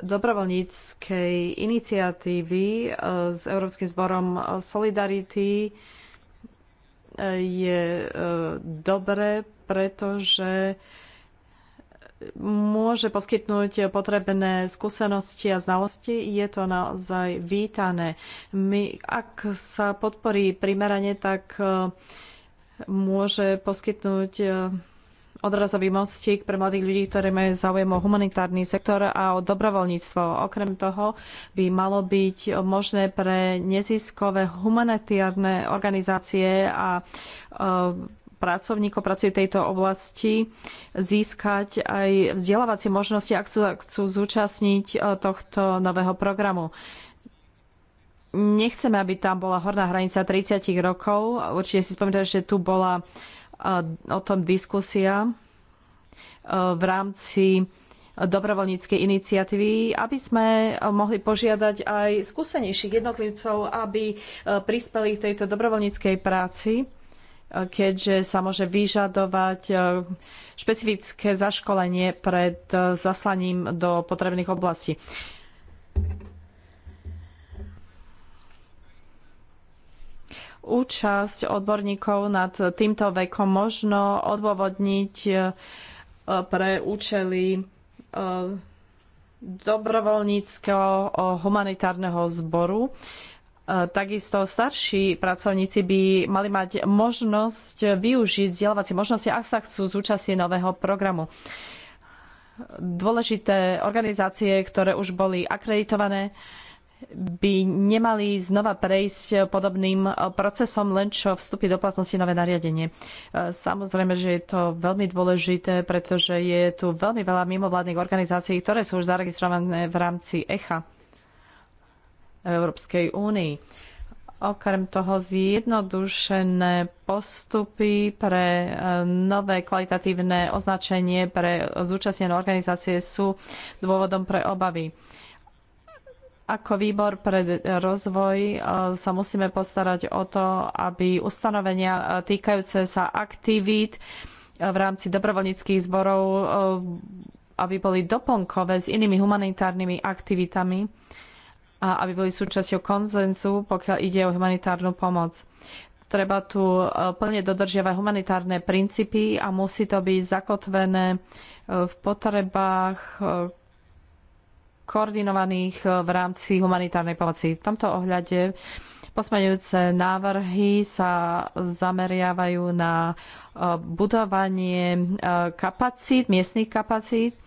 dobrovoľníckej iniciatívy e, s Európskym zborom Solidarity je e, dobré, pretože môže poskytnúť potrebné skúsenosti a znalosti, je to naozaj vítané. My, ak sa podporí primerane, tak e, môže poskytnúť e, odrazový mostík pre mladých ľudí, ktorí majú záujem o humanitárny sektor a o dobrovoľníctvo. Okrem toho by malo byť možné pre neziskové humanitárne organizácie a e, pracovníkov pracujú v tejto oblasti získať aj vzdelávacie možnosti, ak chcú, chcú zúčastniť e, tohto nového programu. Nechceme, aby tam bola horná hranica 30 rokov. Určite si spomínate, že tu bola o tom diskusia e, v rámci dobrovoľníckej iniciatívy, aby sme mohli požiadať aj skúsenejších jednotlivcov, aby e, prispeli k tejto dobrovoľníckej práci, e, keďže sa môže vyžadovať špecifické zaškolenie pred zaslaním do potrebných oblastí. účasť odborníkov nad týmto vekom možno odôvodniť e, pre účely e, dobrovoľníckého humanitárneho zboru. E, takisto starší pracovníci by mali mať možnosť využiť vzdelávacie možnosti, ak sa chcú zúčastniť nového programu. Dôležité organizácie, ktoré už boli akreditované, by nemali znova prejsť podobným eh, procesom, len čo vstúpi do platnosti nové nariadenie. Eh, samozrejme, že je to veľmi dôležité, pretože je tu veľmi veľa mimovládnych organizácií, ktoré sú už zaregistrované v rámci ECHA Európskej únii. Okrem toho zjednodušené postupy pre eh, nové kvalitatívne označenie pre zúčastnené organizácie sú dôvodom pre obavy. Ako výbor pre rozvoj e, sa musíme postarať o to, aby ustanovenia e, týkajúce sa aktivít e, v rámci dobrovoľníckých zborov aby boli doplnkové s inými humanitárnymi aktivitami a aby boli súčasťou konzenzu, pokiaľ ide o humanitárnu pomoc. Treba tu plne dodržiavať humanitárne princípy a musí to byť zakotvené v potrebách koordinovaných eh, v rámci humanitárnej pomoci. V tomto ohľade posmeňujúce návrhy sa zameriavajú na eh, budovanie eh, kapacít, miestnych kapacít,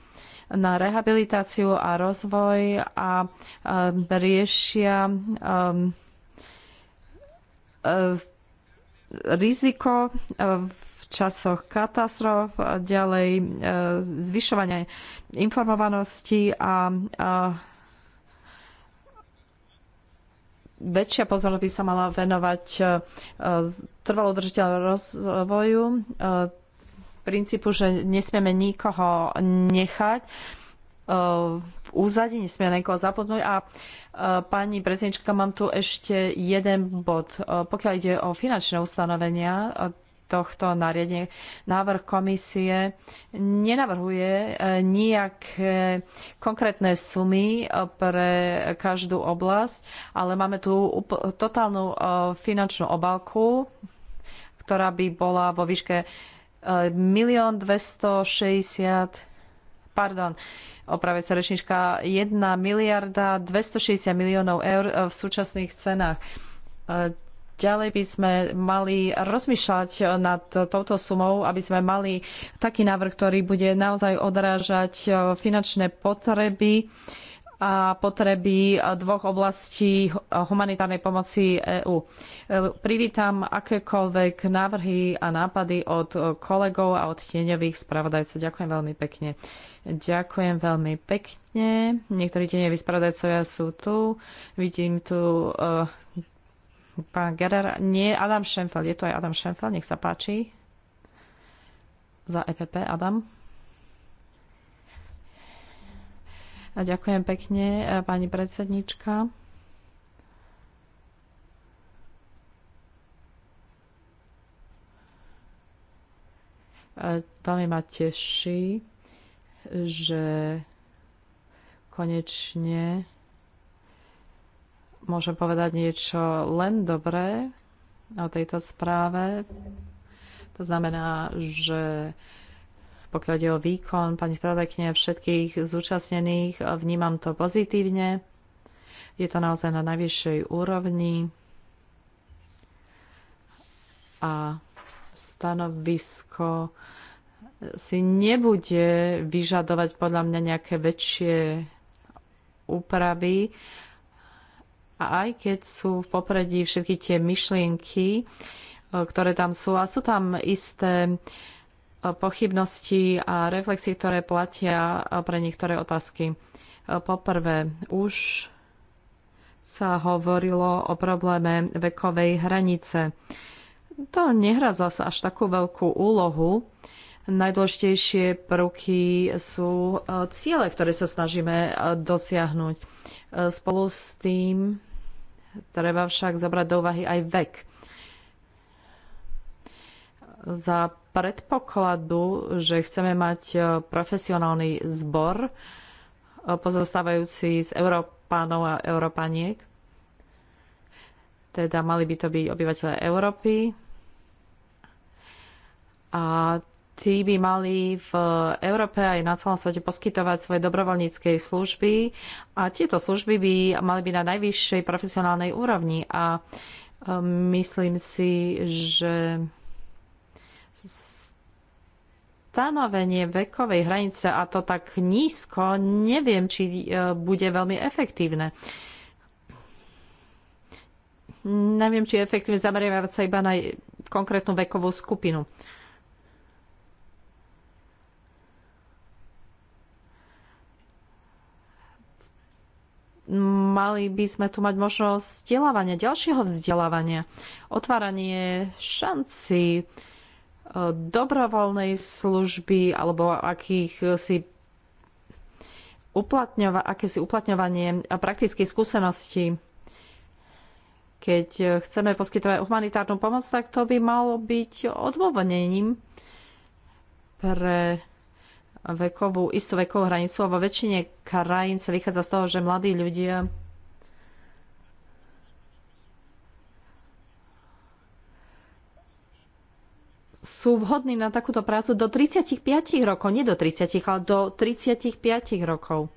na rehabilitáciu a rozvoj a riešia riziko v časoch katastrof, ďalej e, zvyšovanie informovanosti a, väčšia pozornosť by sa mala venovať e, trvalo udržiteľnému rozvoju, e, princípu, že nesmieme nikoho nechať v úzadi, nesmieme nikoho zapodnúť. A pani prezidentka, mám tu ešte jeden bod. Pokiaľ ide o finančné ustanovenia, tohto nariadenia. Návrh komisie nenavrhuje e, nejaké konkrétne sumy e, pre každú oblasť, ale máme tu totálnu e, finančnú obálku, ktorá by bola vo výške 1 260 pardon, oprave sa rečnička, 1 miliarda 260 miliónov eur v súčasných cenách. Ďalej by sme mali rozmýšľať nad touto sumou, aby sme mali taký návrh, ktorý bude naozaj odrážať e, finančné potreby a potreby dvoch oblastí humanitárnej pomoci EÚ. E, privítam akékoľvek návrhy a nápady od kolegov a od tieňových spravodajcov. Ďakujem veľmi pekne. Ďakujem veľmi pekne. Niektorí tieňoví spravodajcovia sú tu. Vidím tu uh, Pán Gerard, nie, Adam Schenfeld. Je to aj Adam Schenfeld, nech sa páči. Za EPP, Adam. A ďakujem pekne, eh, pani predsednička. Eh, veľmi ma teší, že konečne môžem povedať niečo len dobré o tejto správe. To znamená, že pokiaľ ide o výkon pani spravodajkyne všetkých zúčastnených, vnímam to pozitívne. Je to naozaj na najvyššej úrovni a stanovisko si nebude vyžadovať podľa mňa nejaké väčšie úpravy, a aj keď sú v popredí všetky tie myšlienky, e, ktoré tam sú, a sú tam isté e, pochybnosti a reflexy, ktoré platia e, pre niektoré otázky. Poprvé, už sa hovorilo o probléme vekovej hranice. To nehrá zase až takú veľkú úlohu. Najdôležitejšie prvky sú ciele, ktoré sa snažíme dosiahnuť. Spolu s tým Treba však zobrať do úvahy aj vek. Za predpokladu, že chceme mať e, profesionálny zbor e, pozostávajúci z Európanov a Európaniek, teda mali by to byť obyvateľe Európy a tí by mali v Európe aj na celom svete poskytovať svoje dobrovoľnícke služby a tieto služby by mali byť na najvyššej profesionálnej úrovni a um, myslím si, že stanovenie vekovej hranice a to tak nízko, neviem, či e, bude veľmi efektívne. Neviem, či je efektívne zameriavať sa iba na konkrétnu vekovú skupinu. mali by sme tu mať možnosť vzdelávania, ďalšieho vzdelávania, otváranie šanci e, dobrovoľnej služby alebo akých si uplatňova- si uplatňovanie praktické skúsenosti. Keď chceme poskytovať humanitárnu pomoc, tak to by malo byť odôvodnením pre vekovú, istú vekovú hranicu a vo väčšine krajín sa vychádza z toho, že mladí ľudia sú vhodní na takúto prácu do 35 rokov, nie do 30, ale do 35 rokov.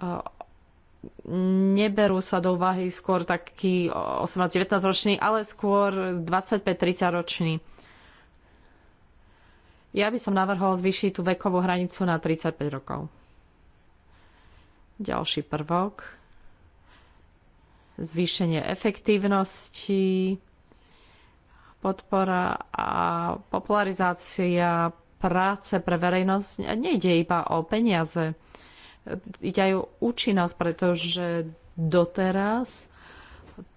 E, neberú sa do úvahy skôr taký 18-19 ročný, ale skôr 25-30 ročný. Ja by som navrhol zvýšiť tú vekovú hranicu na 35 rokov. Ďalší prvok. Zvýšenie efektívnosti, podpora a popularizácia práce pre verejnosť. Nejde iba o peniaze. Ide aj o účinnosť, pretože doteraz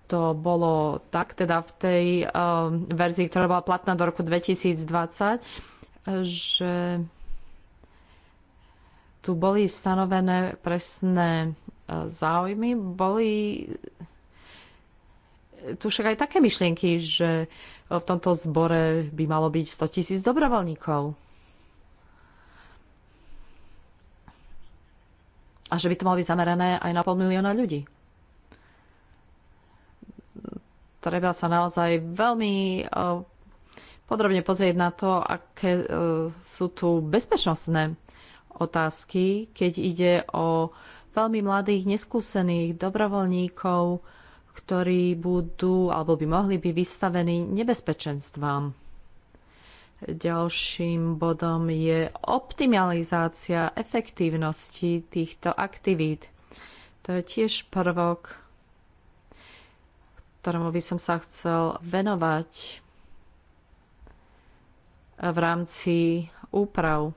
to bolo tak, teda v tej um, verzii, ktorá bola platná do roku 2020, že tu boli stanovené presné e, záujmy, boli tu však aj také myšlienky, že v tomto zbore by malo byť 100 tisíc dobrovoľníkov. A že by to malo byť zamerané aj na pol milióna ľudí. Treba sa naozaj veľmi e, podrobne pozrieť na to, aké e, sú tu bezpečnostné otázky, keď ide o veľmi mladých, neskúsených dobrovoľníkov, ktorí budú alebo by mohli byť vystavení nebezpečenstvám. Ďalším bodom je optimalizácia efektívnosti týchto aktivít. To je tiež prvok, ktorému by som sa chcel venovať v rámci úprav.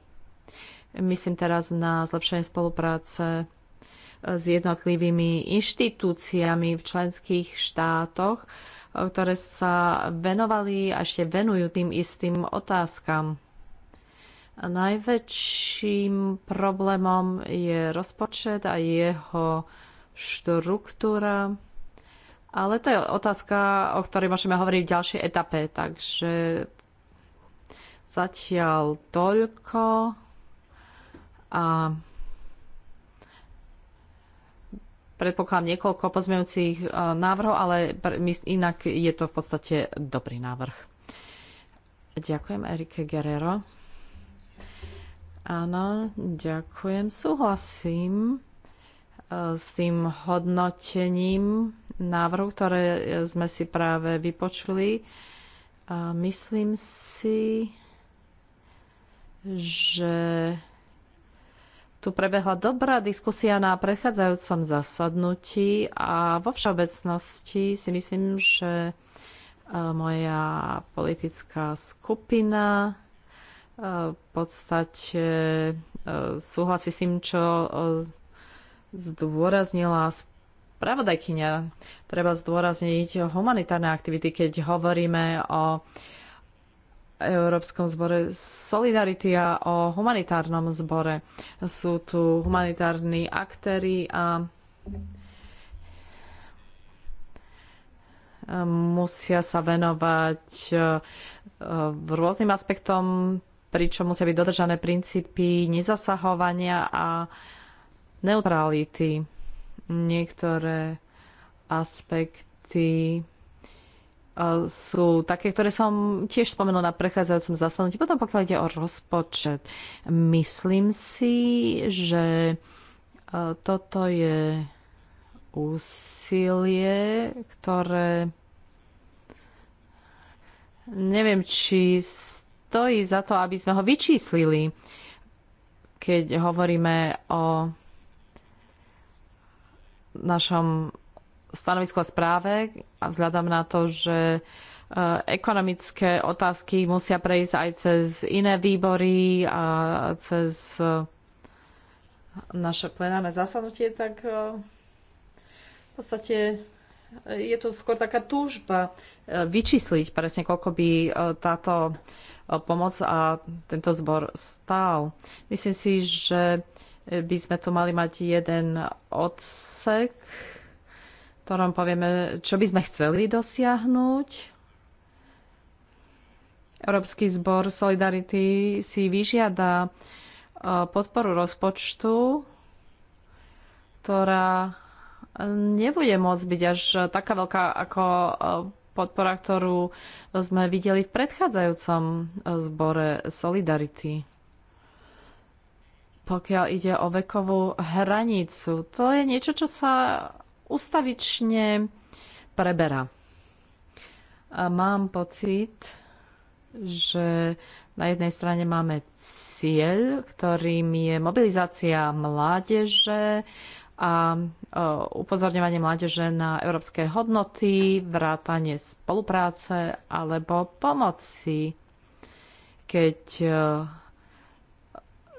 Myslím teraz na zlepšenie spolupráce s jednotlivými inštitúciami v členských štátoch, ktoré sa venovali a ešte venujú tým istým otázkam. Najväčším problémom je rozpočet a jeho štruktúra, ale to je otázka, o ktorej môžeme hovoriť v ďalšej etape, takže Zatiaľ toľko. A predpokladám niekoľko pozmeňujúcich e, návrhov, ale inak je to v podstate dobrý návrh. Ďakujem Erike Guerrero. Áno, ďakujem. Súhlasím e, s tým hodnotením návrhu, ktoré e, sme si práve vypočuli. Myslím si, že tu prebehla dobrá diskusia na predchádzajúcom zasadnutí a vo všeobecnosti si myslím, že eh, moja politická skupina eh, v podstate eh, súhlasí s tým, čo zdôraznila spravodajkyňa. Treba zdôrazniť humanitárne aktivity, keď hovoríme o Európskom zbore Solidarity a o humanitárnom zbore. Sú tu humanitárni aktéry a musia sa venovať e, rôznym aspektom, pričom musia byť dodržané princípy nezasahovania a neutrality. Niektoré aspekty sú také, ktoré som tiež spomenul na prechádzajúcom zasadnutí. Potom pokiaľ ide o rozpočet, myslím si, že e, toto je úsilie, ktoré neviem, či stojí za to, aby sme ho vyčíslili, keď hovoríme o našom stanovisko a správe a vzhľadom na to, že e, ekonomické otázky musia prejsť aj cez iné výbory a cez e, naše plenárne zasadnutie, tak e, v podstate je to skôr taká túžba vyčísliť presne, koľko by táto pomoc a tento zbor stál. Myslím si, že by sme tu mali mať jeden odsek, ktorom povieme, čo by sme chceli dosiahnuť. Európsky zbor Solidarity si vyžiada e, podporu rozpočtu, ktorá nebude môcť byť až taká veľká ako e, podpora, ktorú sme videli v predchádzajúcom e, zbore Solidarity. Pokiaľ ide o vekovú hranicu, to je niečo, čo sa ustavične preberá. A mám pocit, že na jednej strane máme cieľ, ktorým je mobilizácia mládeže a upozorňovanie mládeže na európske hodnoty, vrátanie spolupráce alebo pomoci, keď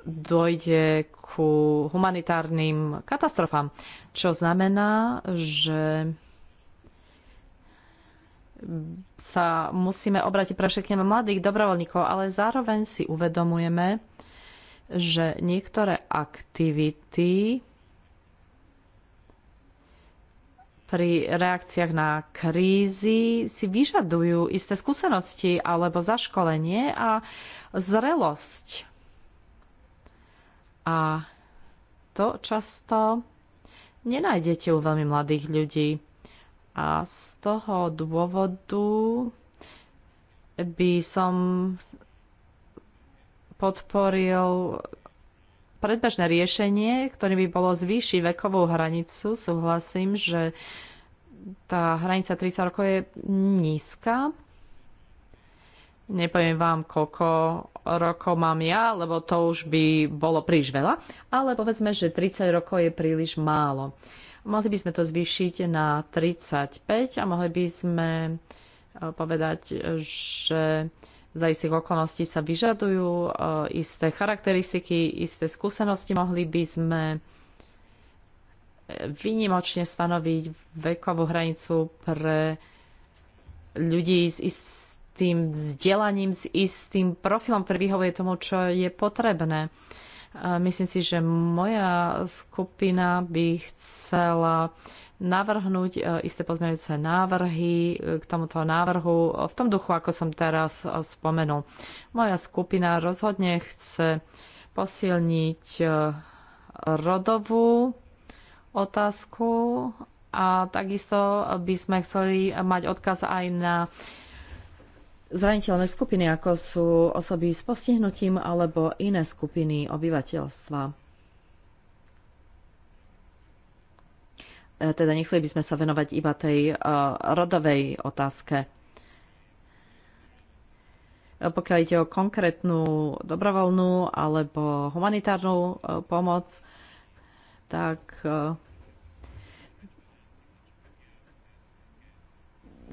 dojde ku humanitárnym katastrofám, čo znamená, že sa musíme obrátiť pre všetkým mladých dobrovoľníkov, ale zároveň si uvedomujeme, že niektoré aktivity pri reakciách na krízy si vyžadujú isté skúsenosti alebo zaškolenie a zrelosť a to často nenájdete u veľmi mladých ľudí. A z toho dôvodu by som podporil predbežné riešenie, ktoré by bolo zvýšiť vekovú hranicu. Súhlasím, že tá hranica 30 rokov je nízka, Nepoviem vám, koľko rokov mám ja, lebo to už by bolo príliš veľa, ale povedzme, že 30 rokov je príliš málo. Mohli by sme to zvýšiť na 35 a mohli by sme e, povedať, že za istých okolností sa vyžadujú e, isté charakteristiky, isté skúsenosti. Mohli by sme e, vynimočne stanoviť vekovú hranicu pre ľudí s istým istým vzdelaním, s istým profilom, ktorý vyhovuje tomu, čo je potrebné. Myslím si, že moja skupina by chcela navrhnúť e, isté pozmeňujúce návrhy e, k tomuto návrhu e, v tom duchu, ako som teraz spomenul. Moja skupina rozhodne chce posilniť rodovú otázku a takisto by sme chceli mať odkaz aj na zraniteľné skupiny, ako sú osoby s postihnutím alebo iné skupiny obyvateľstva. E, teda nechceli by sme sa venovať iba tej e, rodovej otázke. E, pokiaľ ide o konkrétnu dobrovoľnú alebo humanitárnu pomoc, tak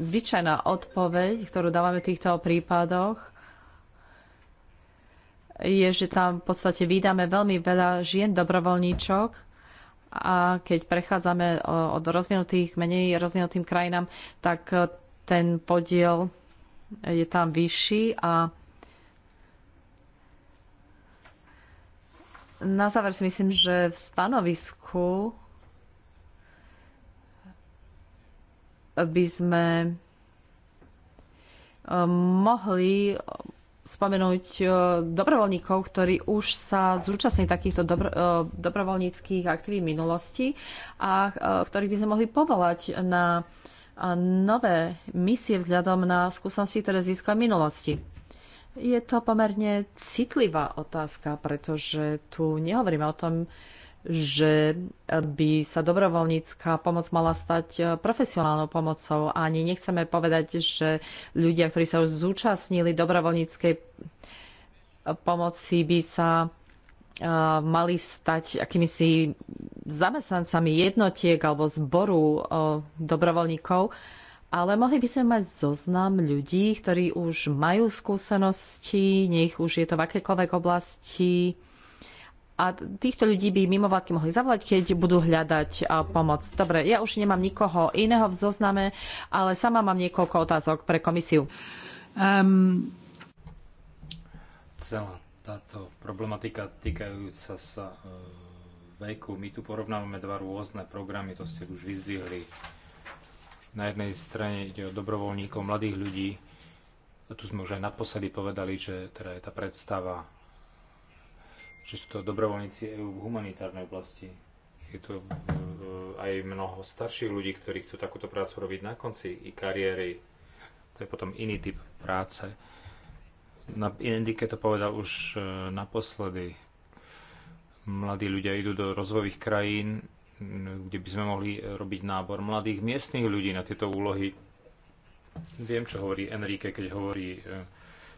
zvyčajná odpoveď, ktorú dávame v týchto prípadoch, je, že tam v podstate vydáme veľmi veľa žien dobrovoľníčok a keď prechádzame od rozvinutých menej rozvinutým krajinám, tak e, ten podiel je tam vyšší a na záver si myslím, že v stanovisku by sme eh, mohli spomenúť eh, dobrovoľníkov, ktorí už sa zúčastnili takýchto dobro, eh, dobrovoľníckých aktivít minulosti a ktorých by sme mohli povolať na nové misie vzhľadom na skúsenosti, ktoré získali v minulosti. Je to pomerne citlivá otázka, pretože tu nehovoríme o tom, že by sa dobrovoľnícká pomoc mala stať e, profesionálnou pomocou. ani nechceme povedať, že ľudia, ktorí sa už zúčastnili dobrovoľníckej e, pomoci, by sa e, mali stať akýmisi zamestnancami jednotiek alebo zboru dobrovoľníkov, ale mohli by sme mať zoznam ľudí, ktorí už majú skúsenosti, nech už je to v akékoľvek oblasti, a týchto ľudí by mimovládky mohli zavolať, keď budú hľadať pomoc. Dobre, ja už nemám nikoho iného v zozname, ale sama mám niekoľko otázok pre komisiu. Um... Celá táto problematika týkajúca sa e, veku, my tu porovnávame dva rôzne programy, to ste už vyzdvihli. Na jednej strane ide o dobrovoľníkov, mladých ľudí, a tu sme už aj naposledy povedali, že teda je tá predstava že sú to dobrovoľníci EÚ v humanitárnej oblasti. Je to e, aj mnoho starších ľudí, ktorí chcú takúto prácu robiť na konci i kariéry. To je potom iný typ práce. Na Indike to povedal už e, naposledy. Mladí ľudia idú do rozvojových krajín, kde by sme mohli robiť nábor mladých miestnych ľudí na tieto úlohy. Viem, čo hovorí Enrique, keď hovorí e,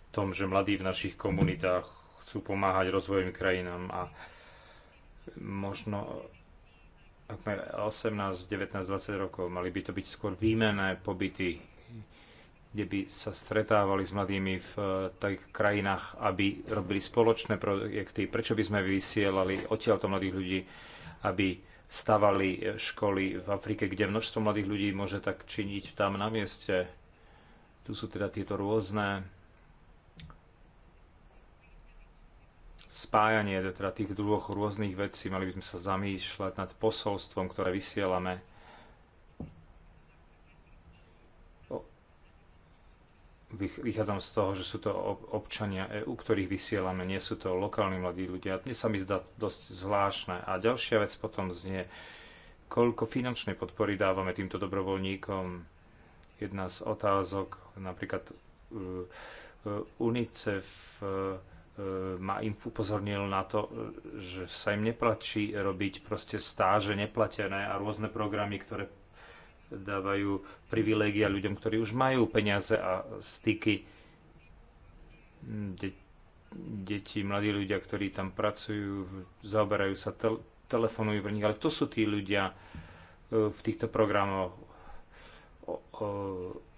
tom, že mladí v našich komunitách chcú pomáhať rozvojovým krajinám a možno ak 18, 19, 20 rokov, mali by to byť skôr výmené pobyty, kde by sa stretávali s mladými v eh, tých krajinách, aby robili spoločné projekty. Prečo by sme vysielali odtiaľto mladých ľudí, aby stavali eh, školy v Afrike, kde množstvo mladých ľudí môže tak činiť tam na mieste. Tu sú teda tieto rôzne spájanie teda, teda tých dvoch rôznych vecí. Mali by sme sa zamýšľať nad posolstvom, ktoré vysielame. Vychádzam z toho, že sú to občania EÚ, ktorých vysielame, nie sú to lokálni mladí ľudia. Dnes sa mi zdá dosť zvláštne. A ďalšia vec potom znie, koľko finančnej podpory dávame týmto dobrovoľníkom. Jedna z otázok, napríklad uh, uh, UNICEF, uh, E, ma im upozornil na to, e, že sa im neplačí robiť proste stáže neplatené a rôzne programy, ktoré dávajú privilégia ľuďom, ktorí už majú peniaze a styky. De- deti, mladí ľudia, ktorí tam pracujú, zaoberajú sa, tel- telefonujú v nich, ale to sú tí ľudia e, v týchto programoch,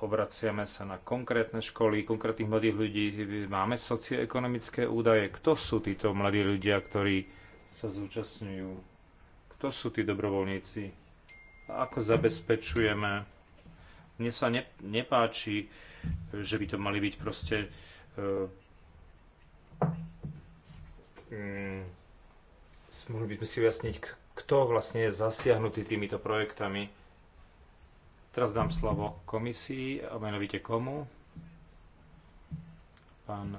obraciame sa na konkrétne školy, konkrétnych mladých ľudí, máme socioekonomické údaje, kto sú títo mladí ľudia, ktorí sa zúčastňujú, kto sú tí dobrovoľníci, a ako zabezpečujeme. Mne sa ne, nepáči, že by to mali byť proste uh, um, mohli by sme si vyjasniť, kto vlastne je zasiahnutý týmito projektami Teraz dám slovo komisii, a menovite komu? Pán e,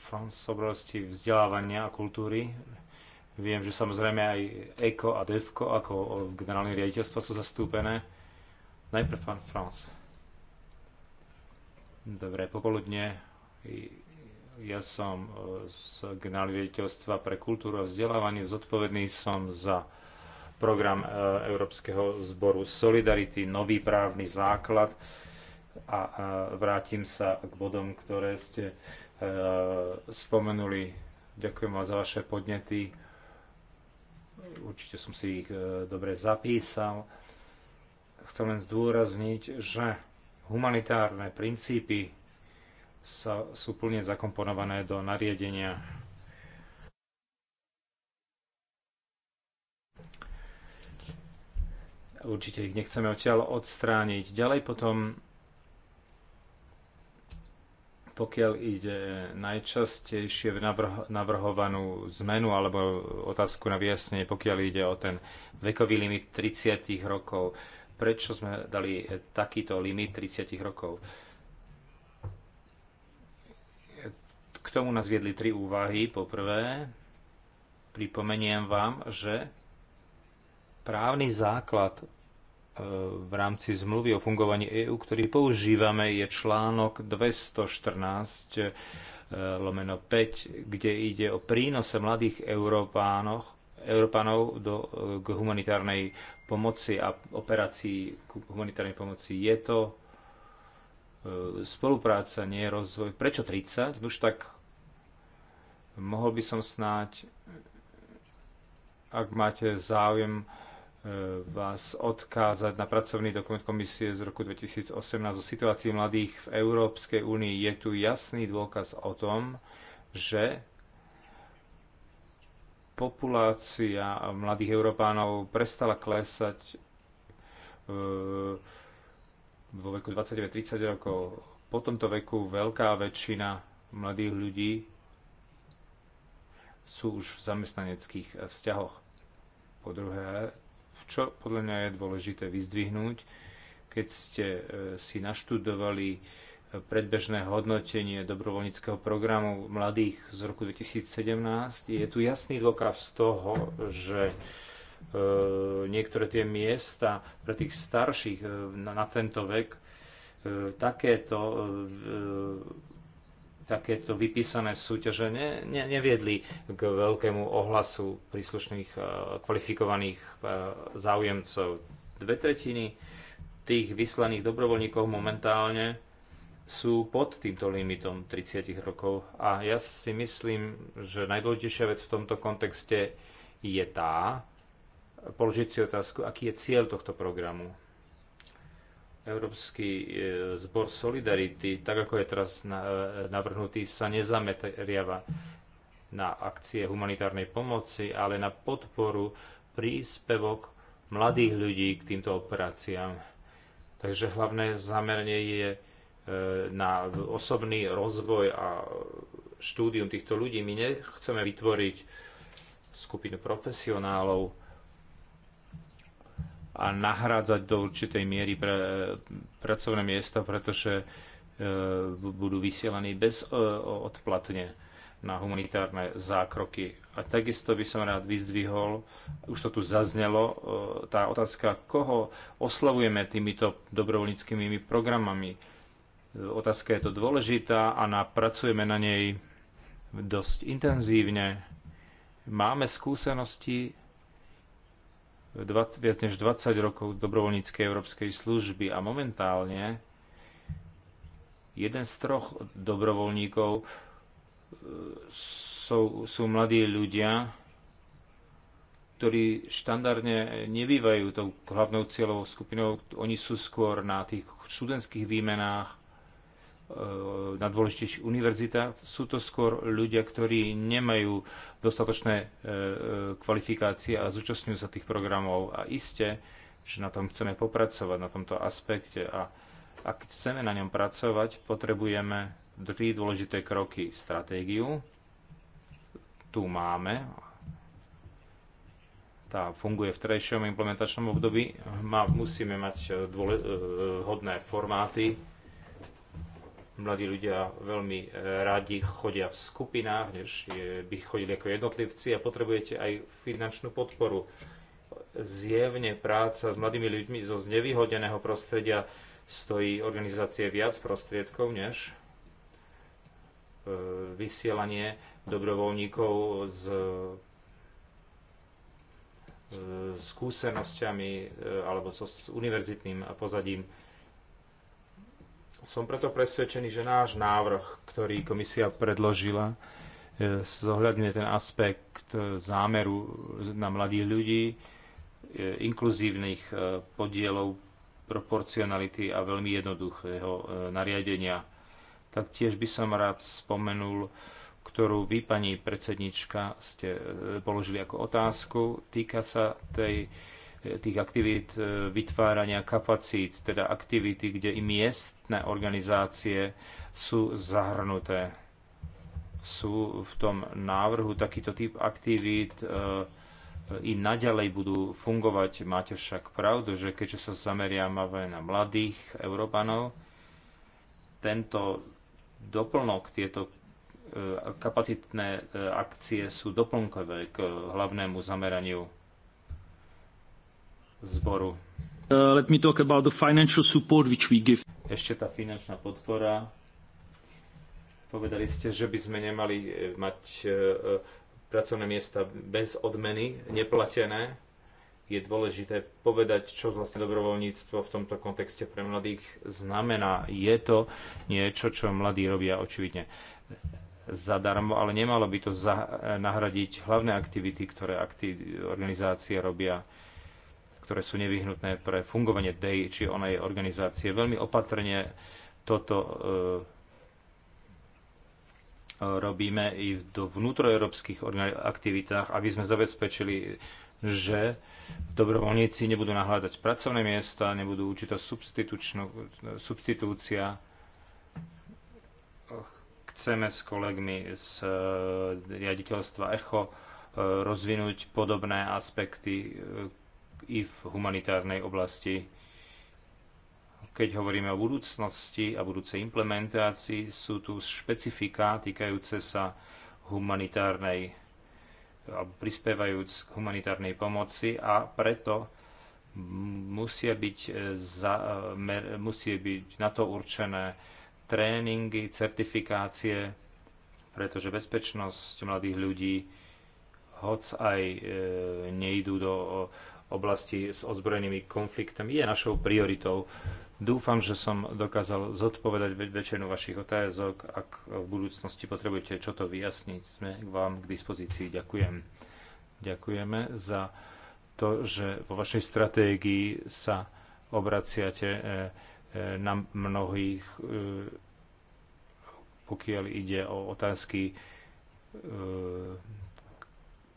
Frans z oblasti vzdelávania a kultúry. Viem, že samozrejme aj ECO a DEVCO ako e, generálne riaditeľstva sú zastúpené. Najprv pán Frans. Dobré popoludne. Ja som e, z generálne riaditeľstva pre kultúru a vzdelávanie zodpovedný som za program e, Európskeho zboru Solidarity, nový právny základ a e, vrátim sa k bodom, ktoré ste e, spomenuli. Ďakujem vám za vaše podnety. Určite som si ich dobre zapísal. Chcem len zdôrazniť, že humanitárne princípy sa, sú plne zakomponované do nariadenia Určite ich nechceme odtiaľ odstrániť. Ďalej potom, pokiaľ ide najčastejšie v navrhovanú zmenu alebo otázku na vyjasnenie, pokiaľ ide o ten vekový limit 30 rokov, prečo sme dali takýto limit 30 rokov? K tomu nás viedli tri úvahy. Poprvé, pripomeniem vám, že právny základ v rámci zmluvy o fungovaní EÚ, ktorý používame, je článok 214 eh, lomeno 5, kde ide o prínose mladých Európánoch, Európanov do, eh, k humanitárnej pomoci a operácii k humanitárnej pomoci. Je to eh, spolupráca, nie rozvoj. Prečo 30? No už tak mohol by som snáď, ak máte záujem, E, vás odkázať na pracovný dokument komisie z roku 2018 o situácii mladých v Európskej únii. Je tu jasný dôkaz o tom, že populácia mladých Európánov prestala klesať e, vo veku 29-30 rokov. Po tomto veku veľká väčšina mladých ľudí sú už v zamestnaneckých vzťahoch. Po druhé, čo podľa mňa je dôležité vyzdvihnúť, keď ste e, si naštudovali e, predbežné hodnotenie dobrovoľníckého programu mladých z roku 2017, je tu jasný dôkaz toho, že e, niektoré tie miesta pre tých starších na tento vek takéto takéto vypísané súťaže ne, ne, neviedli k veľkému ohlasu príslušných e, kvalifikovaných e, záujemcov. Dve tretiny tých vyslaných dobrovoľníkov momentálne sú pod týmto limitom 30 rokov. A ja si myslím, že najdôležitejšia vec v tomto kontexte je tá, položiť si otázku, aký je cieľ tohto programu. Európsky e, zbor Solidarity, tak ako je teraz e, navrhnutý, sa nezameriava na akcie humanitárnej pomoci, ale na podporu príspevok mladých ľudí k týmto operáciám. Takže hlavné zameranie je e, na osobný rozvoj a štúdium týchto ľudí. My nechceme vytvoriť skupinu profesionálov, a nahrádzať do určitej miery pre, pracovné miesta, pretože e, budú vysielaní bez e, odplatne na humanitárne zákroky. A takisto by som rád vyzdvihol, už to tu zaznelo, e, tá otázka, koho oslavujeme týmito dobrovoľníckými programami. Otázka je to dôležitá a na, pracujeme na nej dosť intenzívne. Máme skúsenosti 20, viac než 20 rokov dobrovoľníckej európskej služby a momentálne jeden z troch dobrovoľníkov e, sú, sú mladí ľudia, ktorí štandardne nebývajú tou hlavnou cieľovou skupinou. Oni sú skôr na tých študentských výmenách, E, na dôležitejších univerzitách. Sú to skôr ľudia, ktorí nemajú dostatočné e, e, kvalifikácie a zúčastňujú sa tých programov. A iste, že na tom chceme popracovať, na tomto aspekte. A ak chceme na ňom pracovať, potrebujeme tri dôležité kroky. Stratégiu, tu máme, tá funguje v trejšom implementačnom období, Má, musíme mať dôle, hodné formáty, Mladí ľudia veľmi e, radi chodia v skupinách, než by chodili ako jednotlivci a potrebujete aj finančnú podporu. Zjevne práca s mladými ľuďmi zo znevýhodeného prostredia stojí organizácie viac prostriedkov, než e, vysielanie dobrovoľníkov s e, skúsenosťami alebo so s univerzitným pozadím. Som preto presvedčený, že náš návrh, ktorý komisia predložila, e, zohľadňuje ten aspekt e, zámeru na mladých ľudí, e, inkluzívnych podielov proporcionality a veľmi jednoduchého nariadenia. Taktiež by som rád spomenul, ktorú vy, pani predsednička, ste položili ako otázku. Týka sa tej tých aktivít e, vytvárania kapacít, teda aktivity, kde i miestne organizácie sú zahrnuté. Sú v tom návrhu takýto typ aktivít e, i naďalej budú fungovať. Máte však pravdu, že keďže sa zameriavame na mladých Európanov, tento doplnok, tieto e, kapacitné akcie sú doplnkové k hlavnému zameraniu zboru. Uh, let me talk about the financial support which we give. Ešte tá finančná podpora. Povedali ste, že by sme nemali eh, mať eh, eh, pracovné miesta bez odmeny, neplatené. Je dôležité povedať, čo vlastne dobrovoľníctvo v tomto kontexte pre mladých znamená. Je to niečo, čo mladí robia očividne zadarmo, ale nemalo by to za, nahradiť hlavné aktivity, ktoré aktiv, organizácie robia ktoré sú nevyhnutné pre fungovanie DEI či onej organizácie. Veľmi opatrne toto e, robíme i v vnútroeurópskych aktivitách, aby sme zabezpečili, že dobrovoľníci nebudú nahľadať pracovné miesta, nebudú určitá substitúcia. Chceme s kolegmi z e, riaditeľstva ECHO e, rozvinúť podobné aspekty, e, i v humanitárnej oblasti. Keď hovoríme o budúcnosti a budúcej implementácii, sú tu špecifika týkajúce sa humanitárnej prispievajúc k humanitárnej pomoci a preto musia byť, za, mer, musia byť na to určené tréningy, certifikácie, pretože bezpečnosť mladých ľudí, hoc aj e, nejdú do oblasti s ozbrojenými konfliktami je našou prioritou. Dúfam, že som dokázal zodpovedať väčšinu vašich otázok. Ak v budúcnosti potrebujete čo to vyjasniť, sme k vám k dispozícii. Ďakujem. Ďakujeme za to, že vo vašej stratégii sa obraciate e, e, na mnohých, e, pokiaľ ide o otázky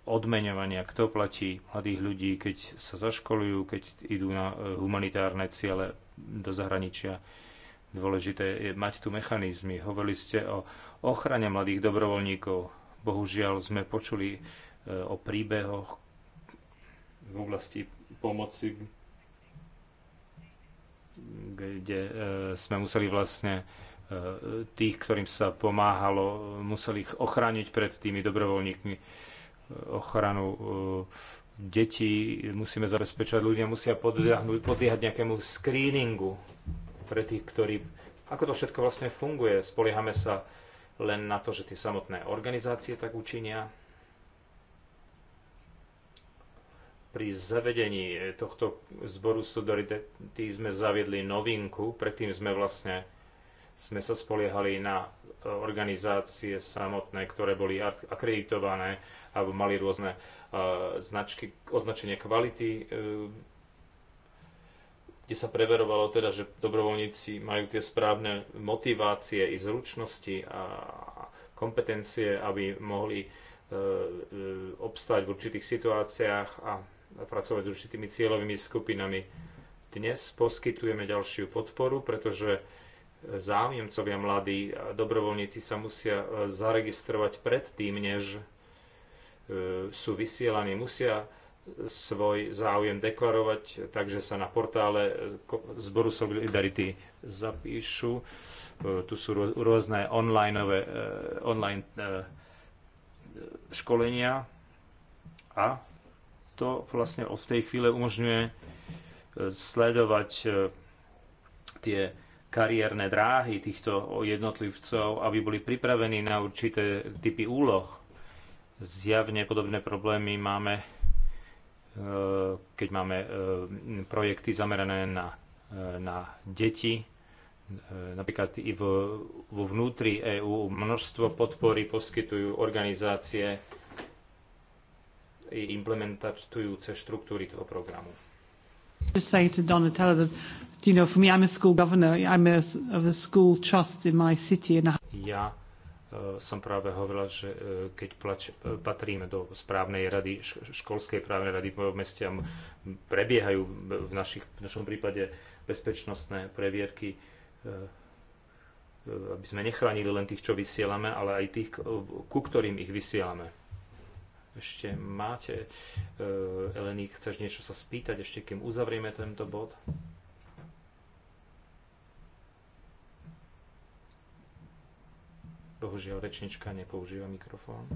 odmeňovania, kto platí mladých ľudí, keď sa zaškolujú, keď idú na e, humanitárne ciele do zahraničia. Dôležité je mať tu mechanizmy. Hovorili ste o ochrane mladých dobrovoľníkov. Bohužiaľ sme počuli e, o príbehoch v oblasti pomoci, kde e, sme museli vlastne tých, ktorým sa pomáhalo, museli ich ochrániť pred tými dobrovoľníkmi ochranu e, detí, musíme zabezpečovať, ľudia musia podliehať nejakému screeningu pre tých, ktorí... Ako to všetko vlastne funguje? Spoliehame sa len na to, že tie samotné organizácie tak učinia. Pri zavedení tohto zboru Solidarity sme zaviedli novinku, predtým sme vlastne sme sa spoliehali na e, organizácie samotné, ktoré boli akreditované alebo mali rôzne e, značky, označenie kvality, e, kde sa preverovalo teda, že dobrovoľníci majú tie správne motivácie i zručnosti a kompetencie, aby mohli obstáť v určitých situáciách a pracovať s určitými cieľovými skupinami. Dnes poskytujeme ďalšiu podporu, pretože záujemcovia mladí a e, dobrovoľníci sa musia e, zaregistrovať predtým, než e, sú vysielaní, musia svoj záujem deklarovať, takže sa na portále Zboru Solidarity zapíšu. Tu sú rôzne online, online školenia a to vlastne od tej chvíle umožňuje sledovať tie kariérne dráhy týchto jednotlivcov, aby boli pripravení na určité typy úloh. Zjavne podobné problémy máme, e, keď máme e, projekty zamerané na, e, na deti, napríklad i vo, vo vnútri EÚ množstvo podpory poskytujú organizácie implementujúce štruktúry toho programu. Just say to Donatella that, you know, for me, I'm a school governor, I'm a, of a school trust in my city. And I... Ja uh, som práve hovorila, že uh, keď plač, uh, patríme do správnej rady, školskej právnej rady v mojom meste a prebiehajú v, našich, v našom prípade bezpečnostné previerky, aby sme nechránili len tých, čo vysielame, ale aj tých, ku ktorým ich vysielame ešte máte. E, Eleni, chceš niečo sa spýtať, ešte kým uzavrieme tento bod? Bohužiaľ, rečnička nepoužíva mikrofón.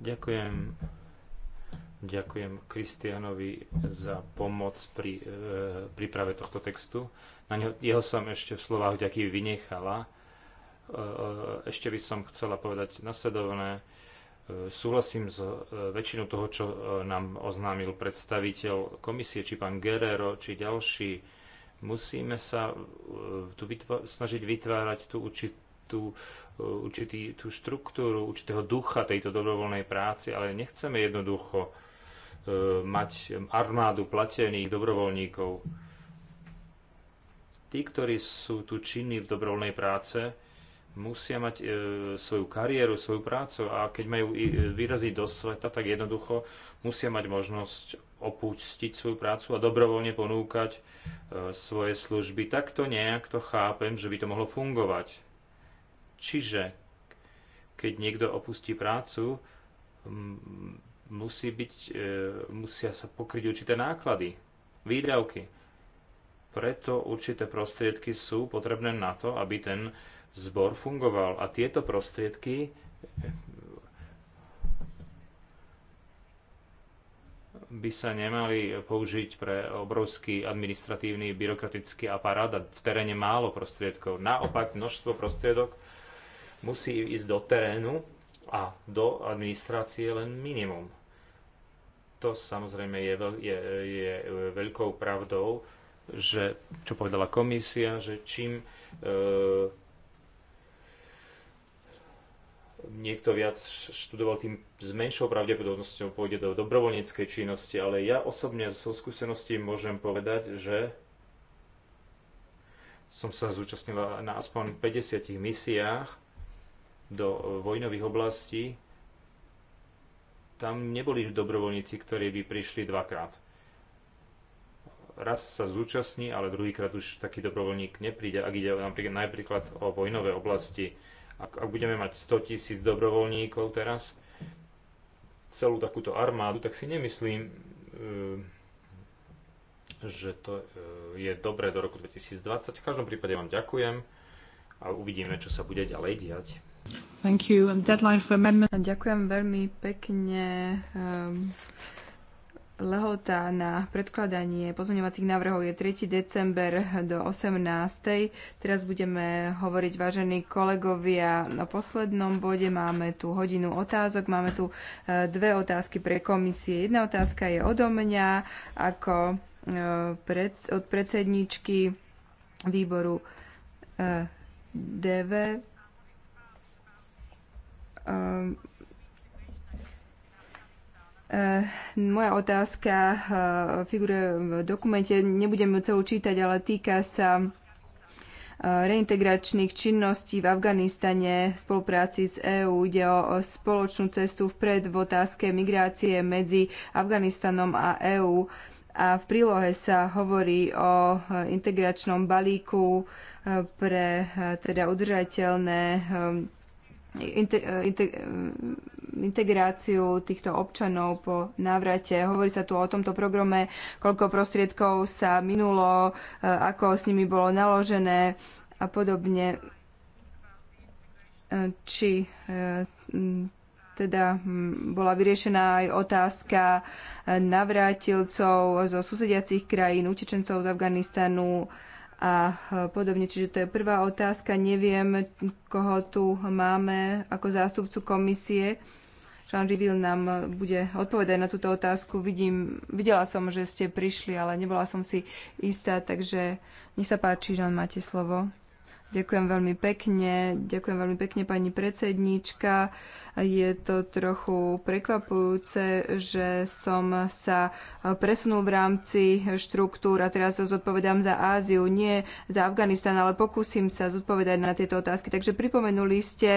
Ďakujem. Ďakujem Kristianovi za pomoc pri e, príprave tohto textu. Na neho, jeho som ešte v slovách ďaký vynechala. E, e, ešte by som chcela povedať nasledovné. E, súhlasím s väčšinou toho, čo nám oznámil predstaviteľ komisie, či pán Guerrero, či ďalší. Musíme sa tu vytvá- snažiť vytvárať tú určitú, určitý, tú štruktúru, určitého ducha tejto dobrovoľnej práci, ale nechceme jednoducho mať armádu platených dobrovoľníkov. Tí, ktorí sú tu činní v dobrovoľnej práce, musia mať e, svoju kariéru, svoju prácu a keď majú i, e, vyraziť do sveta, tak jednoducho musia mať možnosť opustiť svoju prácu a dobrovoľne ponúkať e, svoje služby. Takto nejak to chápem, že by to mohlo fungovať. Čiže keď niekto opustí prácu, musí byť, e, musia sa pokryť určité náklady, výdavky. Preto určité prostriedky sú potrebné na to, aby ten zbor fungoval a tieto prostriedky eh, by sa nemali použiť pre obrovský administratívny byrokratický aparát a v teréne málo prostriedkov. Naopak množstvo prostriedok musí ísť do terénu a do administrácie len minimum. To samozrejme je, veľ, je, je veľkou pravdou, že čo povedala komisia, že čím e, niekto viac študoval, tým s menšou pravdepodobnosťou pôjde do dobrovoľníckej činnosti, ale ja osobne zo skúseností môžem povedať, že som sa zúčastnila na aspoň 50 misiách do e, vojnových oblastí. Tam neboli dobrovoľníci, ktorí by prišli dvakrát. Raz sa zúčastní, ale druhýkrát už taký dobrovoľník nepríde, ak ide napríklad, napríklad o vojnové oblasti ak, ak budeme mať 100 tisíc dobrovoľníkov teraz, celú takúto armádu, tak si nemyslím, eh, že to eh, je dobré do roku 2020. V každom prípade vám ďakujem a uvidíme, čo sa bude ďalej diať. Thank you. Deadline for amendment. Ďakujem veľmi pekne. Um... Lehota na predkladanie pozmeňovacích návrhov je 3. december do 18. Teraz budeme hovoriť, vážení kolegovia, na poslednom bode. Máme tu hodinu otázok, máme tu eh, dve otázky pre komisie. Jedna otázka je odo mňa ako eh, od predsedničky výboru eh, DV. Eh, moja otázka eh, figuruje v dokumente, nebudem ju celú čítať, ale týka sa eh, reintegračných činností v Afganistane v spolupráci s EÚ. Ide o spoločnú cestu vpred v otázke migrácie medzi Afganistanom a EÚ a v prílohe sa hovorí o integračnom balíku pre teda udržateľné Eh, eh, integráciu týchto občanov po návrate. Hovorí sa tu o tomto programe, koľko prostriedkov sa minulo, eh, ako s nimi bolo naložené a podobne. Či teda hm, bola vyriešená aj otázka navrátilcov zo susediacich krajín, utečencov z Afganistanu, a e, podobne. Čiže to je prvá otázka. Neviem, koho tu máme ako zástupcu komisie. Jean Rivil nám bude odpovedať na túto otázku. Vidím, videla som, že ste prišli, ale nebola som si istá, takže nech sa páči, Jean, máte slovo. Ďakujem veľmi pekne, ďakujem veľmi pekne pani predsednička. Je to trochu prekvapujúce, že som sa presunul v rámci štruktúr a teraz sa zodpovedám za Áziu, nie za Afganistan, ale pokúsim sa zodpovedať na tieto otázky. Takže pripomenuli ste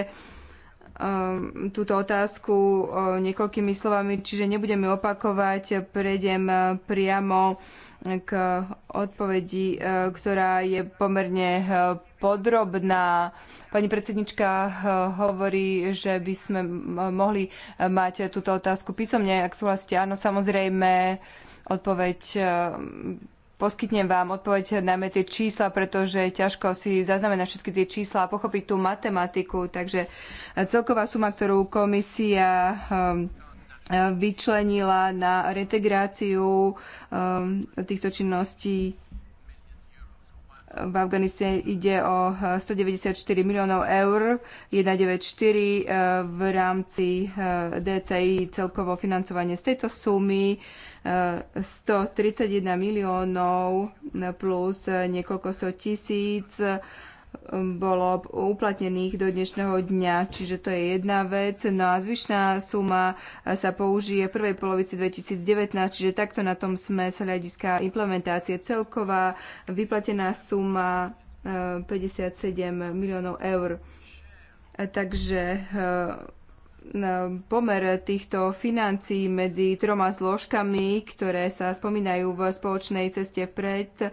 um, túto otázku uh, niekoľkými slovami, čiže nebudeme opakovať, prejdem uh, priamo k odpovedi, e, ktorá je pomerne e, podrobná. Pani predsednička e, hovorí, že by sme mohli mať túto otázku písomne, ak súhlasíte. Áno, samozrejme, odpoveď poskytnem vám odpoveď najmä tie čísla, pretože ťažko si zaznamenať všetky tie čísla a pochopiť tú matematiku. Takže celková suma, ktorú komisia vyčlenila na reintegráciu um, týchto činností. V Afganistane ide o 194 uh, miliónov eur, 194 uh, v rámci uh, DCI celkovo financovanie z tejto sumy, 131 miliónov plus niekoľko sto tisíc bolo uplatnených do dnešného dňa, čiže to je jedna vec. No a zvyšná suma sa použije v prvej polovici 2019, čiže takto na tom sme z hľadiska implementácie celková vyplatená suma 57 eh, miliónov eur. Takže eh, pomer týchto financií medzi troma zložkami, ktoré sa spomínajú v spoločnej ceste vpred, eh,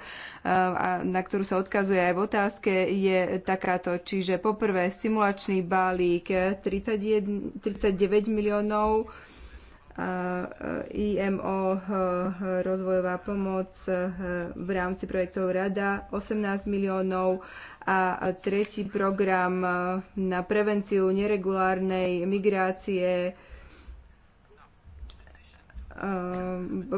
a na ktorú sa odkazuje aj v otázke, je takáto. Čiže poprvé stimulačný balík 31, 39 miliónov, eh, IMO eh, rozvojová pomoc v rámci projektov Rada 18 miliónov a tretí program e, na prevenciu neregulárnej migrácie e,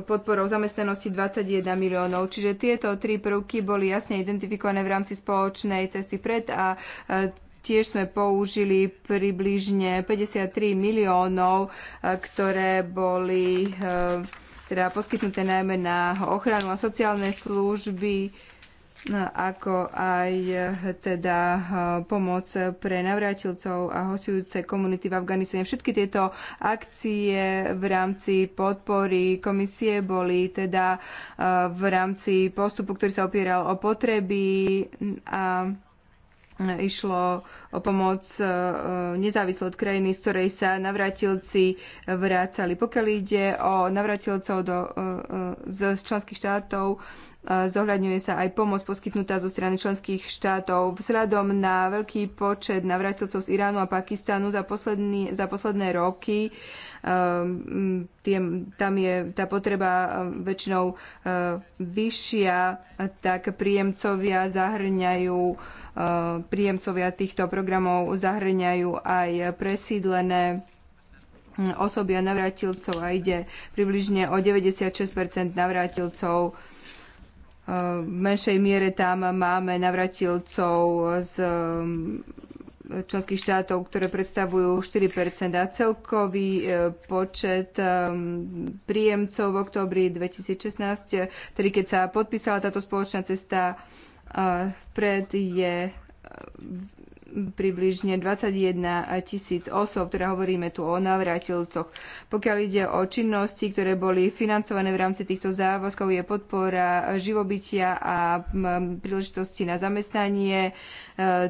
podporou zamestnanosti 21 miliónov. Čiže tieto tri prvky boli jasne identifikované v rámci spoločnej cesty pred a e, tiež sme použili približne 53 miliónov, ktoré boli teda poskytnuté najmä na ochranu a sociálne služby ako aj eh, teda eh, pomoc pre navrátilcov a hostujúce komunity v Afganistane. Všetky tieto akcie v rámci podpory komisie boli teda eh, v rámci postupu, ktorý sa opieral o potreby a išlo o pomoc nezávislo od krajiny, z ktorej sa navratilci vrácali. Pokiaľ ide o navratilcov do, z členských štátov, zohľadňuje sa aj pomoc poskytnutá zo strany členských štátov. Vzhľadom na veľký počet navrátilcov z Iránu a Pakistánu za, posledný, za posledné roky, ehm, tie, tam je tá potreba ehm, väčšinou ehm, vyššia, tak príjemcovia zahrňajú príjemcovia týchto programov zahrňajú aj presídlené hm, osoby a navrátilcov a ide približne o 96 navrátilcov v menšej miere tam máme navratilcov z um, členských štátov, ktoré predstavujú 4 a celkový e, počet um, príjemcov v oktobri 2016, tedy keď sa podpísala táto spoločná cesta e, vpred, je približne 21 tisíc osôb, teda hovoríme tu o navrátilcoch. Pokiaľ ide o činnosti, ktoré boli financované v rámci týchto závazkov, je podpora živobytia a príležitosti na zamestnanie, e,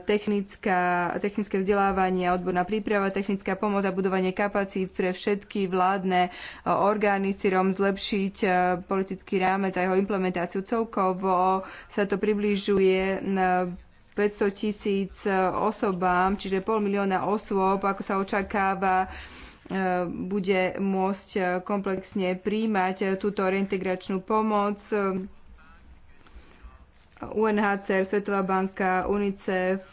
technická, technické vzdelávanie, odborná príprava, technická pomoc a budovanie kapacít pre všetky vládne e, orgány sírom zlepšiť e, politický rámec a jeho implementáciu. Celkovo sa to približuje 500 tisíc e, osobám, čiže pol milióna osôb, ako sa očakáva, e, bude môcť e, komplexne príjmať túto reintegračnú pomoc. UNHCR, Svetová banka, UNICEF,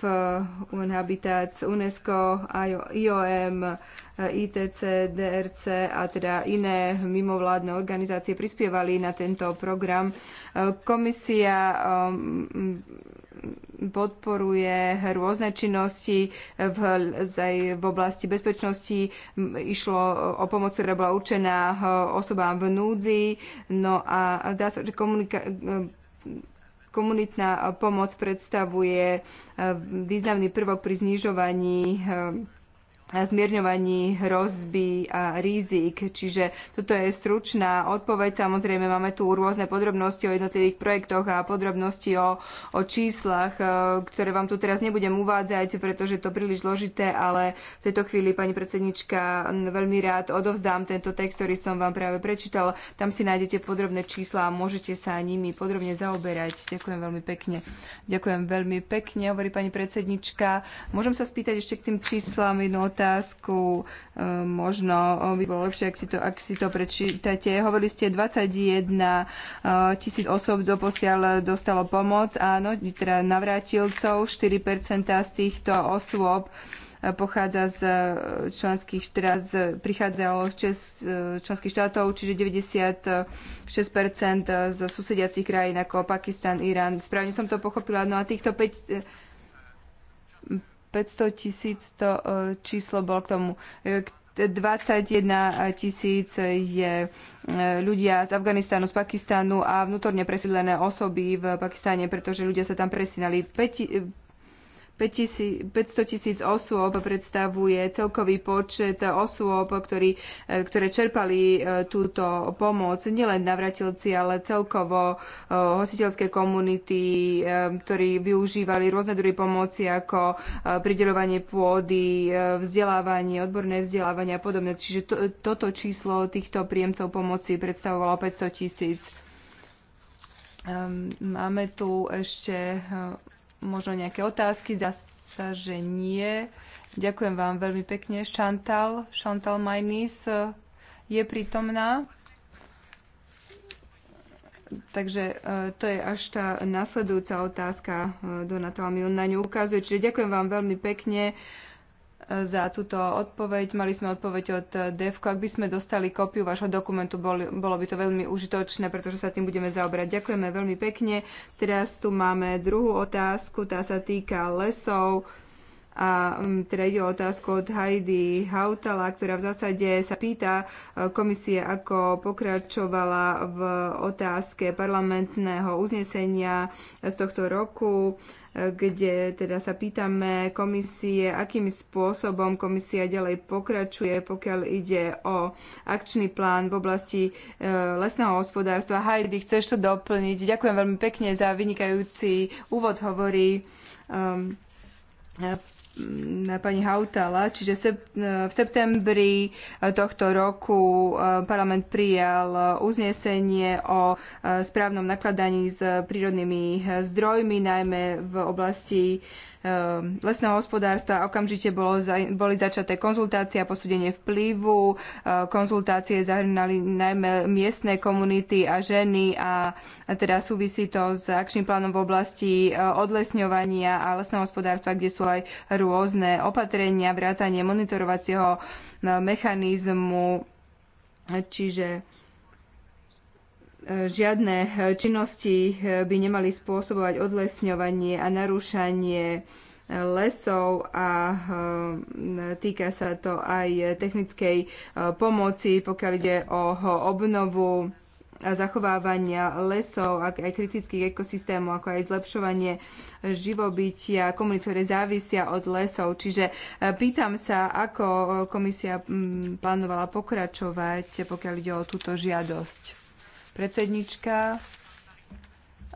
UNHABITAC, UNESCO, IOM, ITC, DRC a teda iné mimovládne organizácie prispievali na tento program. Komisia podporuje rôzne činnosti v, v oblasti bezpečnosti. Išlo o pomoc, ktorá bola určená e, osobám v núdzi. No a zdá sa, že komunika- e, komunitná pomoc predstavuje e, významný prvok pri znižovaní zmierňovaní hrozby a rizik. Čiže toto je stručná odpoveď. Samozrejme, máme tu rôzne podrobnosti o jednotlivých projektoch a podrobnosti o, o číslach, e, ktoré vám tu teraz nebudem uvádzať, pretože to príliš zložité, ale v tejto chvíli, pani predsednička, veľmi rád odovzdám tento text, ktorý som vám práve prečítal. Tam si nájdete podrobné čísla a môžete sa nimi podrobne zaoberať. Ďakujem veľmi pekne. Ďakujem veľmi pekne, hovorí pani predsednička. Môžem sa spýtať ešte k tým číslam jednu otázku. Eh, možno eh, by bolo lepšie, ak si to, ak si to prečítate. Hovorili ste 21 eh, tisíc osob doposiaľ dostalo pomoc. Áno, teda navrátilcov 4% z týchto osôb pochádza z členských, teraz prichádzalo z členských štátov, čiže 96% z susediacich krajín ako Pakistan, Irán. Správne som to pochopila. No a týchto 5, 500 tisíc to e, číslo bol k tomu. 21 e, tisíc je e, ľudia z Afganistanu, z Pakistanu a vnútorne presídlené osoby v Pakistáne, pretože ľudia sa tam presínali. 5 500 tisíc osôb predstavuje celkový počet osôb, ktorý, e, ktoré čerpali e, túto pomoc, nielen navratilci, ale celkovo e, hostiteľské komunity, ktorí využívali rôzne druhy pomoci ako pridelovanie pôdy, vzdelávanie, odborné vzdelávanie a podobne. Čiže to, toto číslo týchto príjemcov pomoci predstavovalo 500 tisíc. Ehm, máme tu ešte možno nejaké otázky? Zdá sa, že nie. Ďakujem vám veľmi pekne. Chantal, Chantal Majnis eh, je prítomná. Takže eh, to je až tá nasledujúca otázka eh, Donatova mi on na ňu ukazuje. Čiže ďakujem vám veľmi pekne za túto odpoveď. Mali sme odpoveď od DEVKO. Ak by sme dostali kópiu vašho dokumentu, bolo by to veľmi užitočné, pretože sa tým budeme zaoberať. Ďakujeme veľmi pekne. Teraz tu máme druhú otázku, tá sa týka lesov. A mm, teda ide o otázku od Heidi Hautala, ktorá v zásade sa pýta e, komisie, ako pokračovala v otázke parlamentného uznesenia z tohto roku kde teda sa pýtame komisie, akým spôsobom komisia ďalej pokračuje, pokiaľ ide o akčný plán v oblasti e, lesného hospodárstva. Heidi, chceš to doplniť? Ďakujem veľmi pekne za vynikajúci úvod, hovorí um, na pani Hautala, čiže v e, septembri e, tohto roku e, parlament prijal uznesenie o správnom nakladaní s prírodnými zdrojmi, najmä v oblasti Ehm, lesného hospodárstva. Okamžite bolo, boli začaté konzultácie a posúdenie vplyvu. E, konzultácie zahrnali najmä miestne komunity a ženy a teda súvisí to s akčným plánom v oblasti e, odlesňovania a lesného hospodárstva, kde sú aj rôzne opatrenia, vrátanie monitorovacieho e, mechanizmu. Čiže žiadne eh, činnosti eh, by nemali spôsobovať odlesňovanie a narúšanie eh, lesov a týka sa to aj technickej pomoci, pokiaľ ide o obnovu a zachovávania lesov, ak aj kritických ekosystémov, ako aj zlepšovanie živobytia komunít, ktoré závisia od lesov. Čiže pýtam sa, ako komisia mm, plánovala pokračovať, pokiaľ ide o túto žiadosť. Predsednička,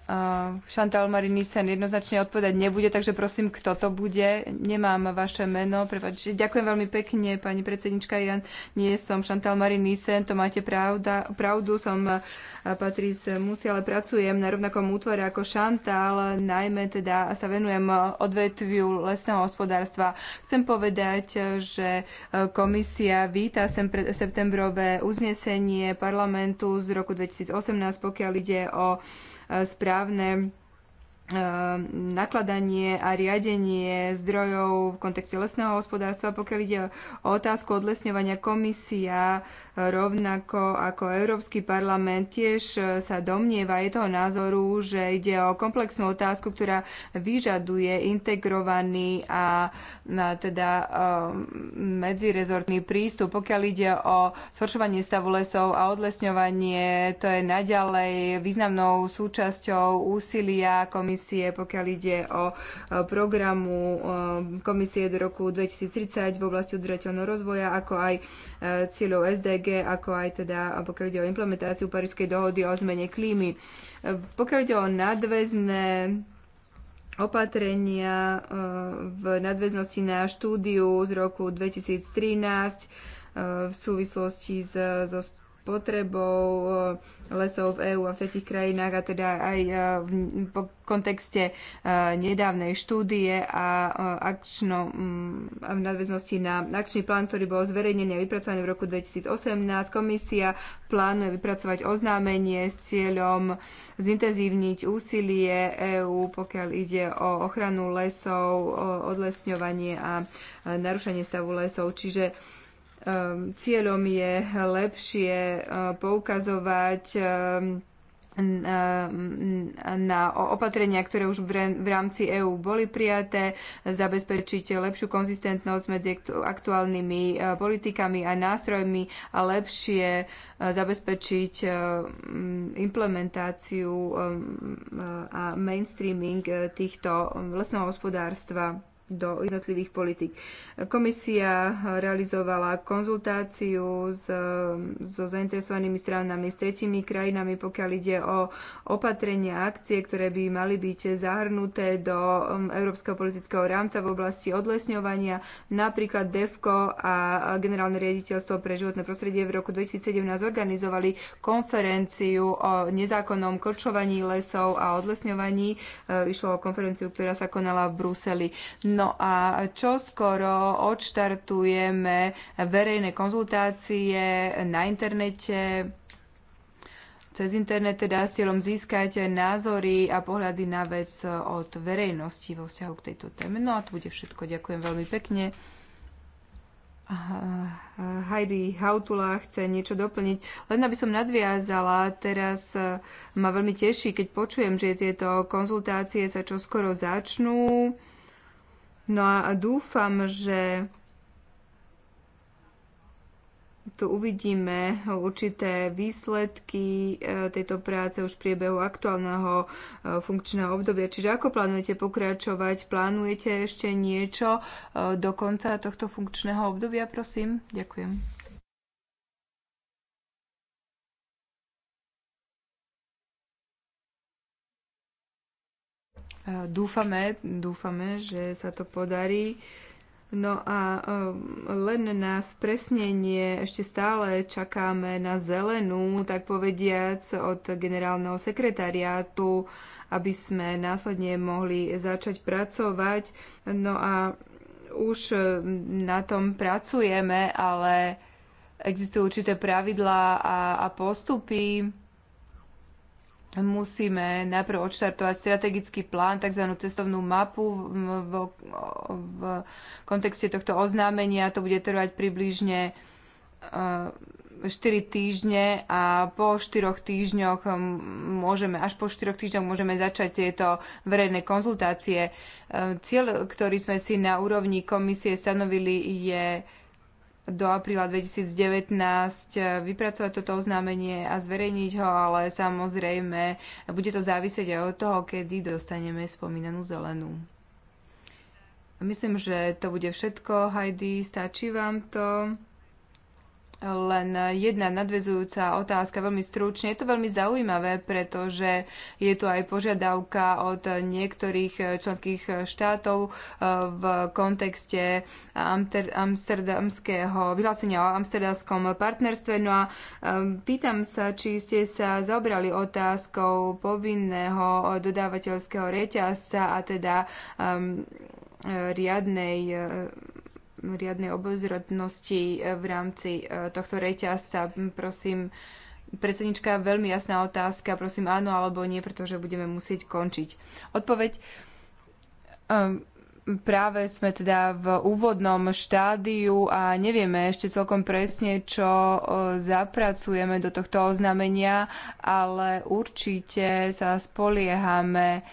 Eh, Chantal Marie Nissen jednoznačne odpovedať nebude, takže prosím, kto to bude. Nemám vaše meno. Prepač. Ďakujem veľmi pekne, pani predsednička. Ja nie som Chantal Marie Nissen, to máte pravda, pravdu. Som eh, Patrice Musi, ale pracujem na rovnakom útvore ako Chantal. Najmä teda sa venujem odvetviu lesného hospodárstva. Chcem povedať, že eh, komisia víta septembrové uznesenie parlamentu z roku 2018, pokiaľ ide o správne Ehm, nakladanie a riadenie zdrojov v kontexte lesného hospodárstva. Pokiaľ ide o otázku odlesňovania, komisia e, rovnako ako Európsky parlament tiež e, sa domnieva, je toho názoru, že ide o komplexnú otázku, ktorá vyžaduje integrovaný a, teda ehm, medzirezortný prístup. Pokiaľ ide o zhoršovanie stavu lesov a odlesňovanie, to je naďalej významnou súčasťou úsilia komisie komisie, pokiaľ ide o e, programu e, komisie do roku 2030 v oblasti udržateľného rozvoja, ako aj e, cieľov SDG, ako aj teda pokiaľ ide o implementáciu Parískej dohody o zmene klímy. Pokiaľ ide o nadväzné opatrenia v nadväznosti na štúdiu z roku 2013 v súvislosti so, so potrebou eh, lesov v EÚ a v tretich krajinách a teda aj eh, v kontekste eh, nedávnej štúdie a akčno, mm, v nadväznosti na akčný plán, ktorý bol zverejnený a vypracovaný v roku 2018. Komisia plánuje vypracovať oznámenie s cieľom zintenzívniť úsilie EÚ, pokiaľ ide o ochranu lesov, odlesňovanie a narušenie stavu lesov. Čiže Ehm, cieľom je lepšie eh, poukazovať ehm, ehm, na opatrenia, ktoré už v rámci EÚ boli prijaté, zabezpečiť lepšiu konzistentnosť medzi aktuálnymi eh, politikami a nástrojmi a lepšie eh, zabezpečiť implementáciu a mainstreaming týchto lesného hospodárstva do jednotlivých politik. Komisia realizovala konzultáciu s, so zainteresovanými stranami, s tretimi krajinami, pokiaľ ide o opatrenia, akcie, ktoré by mali byť zahrnuté do um, Európskeho politického rámca v oblasti odlesňovania. Napríklad DEFCO a Generálne riaditeľstvo pre životné prostredie v roku 2017 organizovali konferenciu o nezákonnom klčovaní lesov a odlesňovaní. E, išlo o konferenciu, ktorá sa konala v Bruseli. No a čo skoro odštartujeme verejné konzultácie na internete, cez internet teda s cieľom získať názory a pohľady na vec od verejnosti vo vzťahu k tejto téme. No a to bude všetko. Ďakujem veľmi pekne. Heidi Hautula chce niečo doplniť. Len aby som nadviazala, teraz e, ma veľmi teší, keď počujem, že tieto konzultácie sa čoskoro začnú No a dúfam, že tu uvidíme určité výsledky e, tejto práce už v priebehu aktuálneho e, funkčného obdobia. Čiže ako plánujete pokračovať? Plánujete ešte niečo e, do konca tohto funkčného obdobia, prosím? Ďakujem. Dúfame, dúfame, že sa to podarí. No a um, len na spresnenie ešte stále čakáme na zelenú, tak povediac, od generálneho sekretariátu, aby sme následne mohli začať pracovať. No a už na tom pracujeme, ale existujú určité pravidlá a, a postupy musíme najprv odštartovať strategický plán, tzv. cestovnú mapu v, v, kontexte tohto oznámenia. To bude trvať približne 4 eh, týždne a po 4 týždňoch hm, môžeme, až po 4 týždňoch môžeme začať tieto verejné konzultácie. Eh, cieľ, ktorý sme si na úrovni komisie stanovili, je do apríla 2019 eh, vypracovať toto oznámenie a zverejniť ho, ale samozrejme bude to závisieť aj od toho, kedy dostaneme spomínanú zelenú. Myslím, že to bude všetko. Heidi, stačí vám to? len jedna nadvezujúca otázka, veľmi stručne. Je to veľmi zaujímavé, pretože je tu aj požiadavka od niektorých členských štátov eh, v kontekste amsterdamského vyhlásenia o amsterdamskom partnerstve. No a eh, pýtam sa, či ste sa zaobrali otázkou povinného dodávateľského reťazca a teda um, riadnej riadnej obozrodnosti e, v rámci e, tohto reťazca. Prosím, predsednička, veľmi jasná otázka, prosím áno alebo nie, pretože budeme musieť končiť. Odpoveď. Ehm, práve sme teda v úvodnom štádiu a nevieme ešte celkom presne, čo e, zapracujeme do tohto oznámenia, ale určite sa spoliehame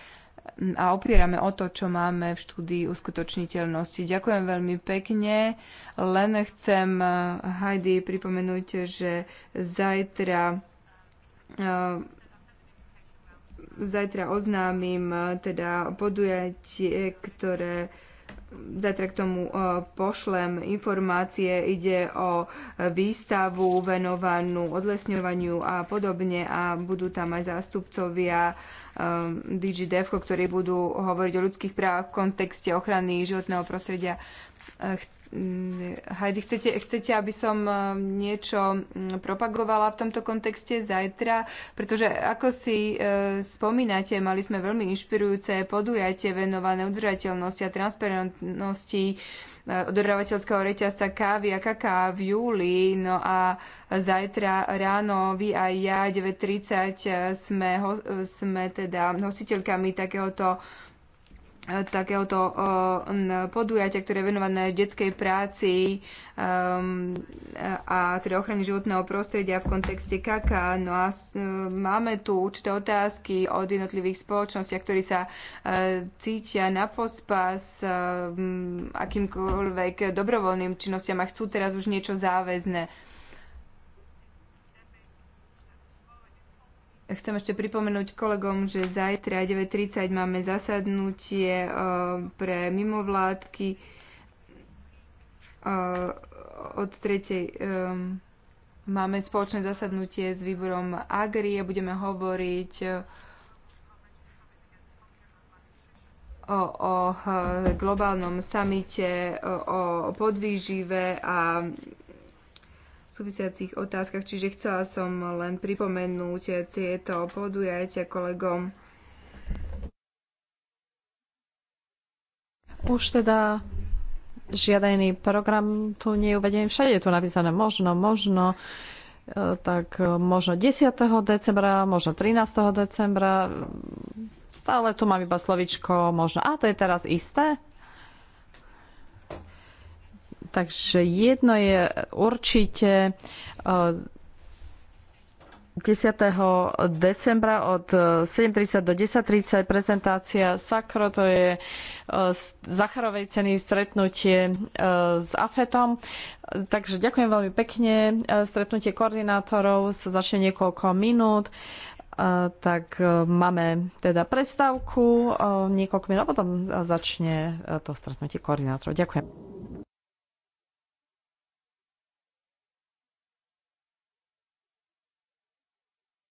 a opierame o to, čo máme v štúdii uskutočniteľnosti. Ďakujem veľmi pekne. Len chcem eh, Heidi pripomenúť, že zajtra eh, zajtra oznámim eh, teda podujatie, ktoré Zajtra k tomu e, pošlem informácie, ide o výstavu venovanú odlesňovaniu a podobne a budú tam aj zástupcovia e, DigiDevko, ktorí budú hovoriť o ľudských právach v kontexte ochrany životného prostredia. E, Mm, Heidi, chcete, chcete, aby som eh, niečo mm, propagovala v tomto kontexte zajtra? Pretože ako si e, spomínate, mali sme veľmi inšpirujúce podujatie venované udržateľnosti a transparentnosti eh, odoravateľského reťazca kávy a kaká v júli. No a zajtra ráno vy a ja 9.30 sme, ho, sme teda hostiteľkami takéhoto takéhoto podujatia, ktoré je venované detskej práci um, a teda ochrane životného prostredia v kontexte kaká. No a e, máme tu určité otázky od jednotlivých spoločností, ktorí sa e, cítia na pospas e, akýmkoľvek dobrovoľným činnostiam a chcú teraz už niečo záväzné. Chcem ešte pripomenúť kolegom, že zajtra 9.30 máme zasadnutie eh, pre mimovládky eh, od 3. Eh, máme spoločné zasadnutie s výborom Agri a budeme hovoriť o, o globálnom samite, o podvýžive a súvisiacich otázkach, čiže chcela som len pripomenúť tieto podujatia kolegom. Už teda žiadaný program tu nie je uvedený. Všade je tu napísané možno, možno, e, tak e, možno 10. decembra, možno 13. decembra. Stále tu mám iba slovičko možno. A to je teraz isté? Takže jedno je určite 10. E, decembra od 7.30 e, do 10.30 prezentácia Sakro, to je e, Zacharovej ceny stretnutie s AFETom. Takže ďakujem veľmi pekne. Stretnutie koordinátorov sa začne niekoľko minút tak máme teda prestávku niekoľko minút a potom začne to stretnutie koordinátorov. Ďakujem.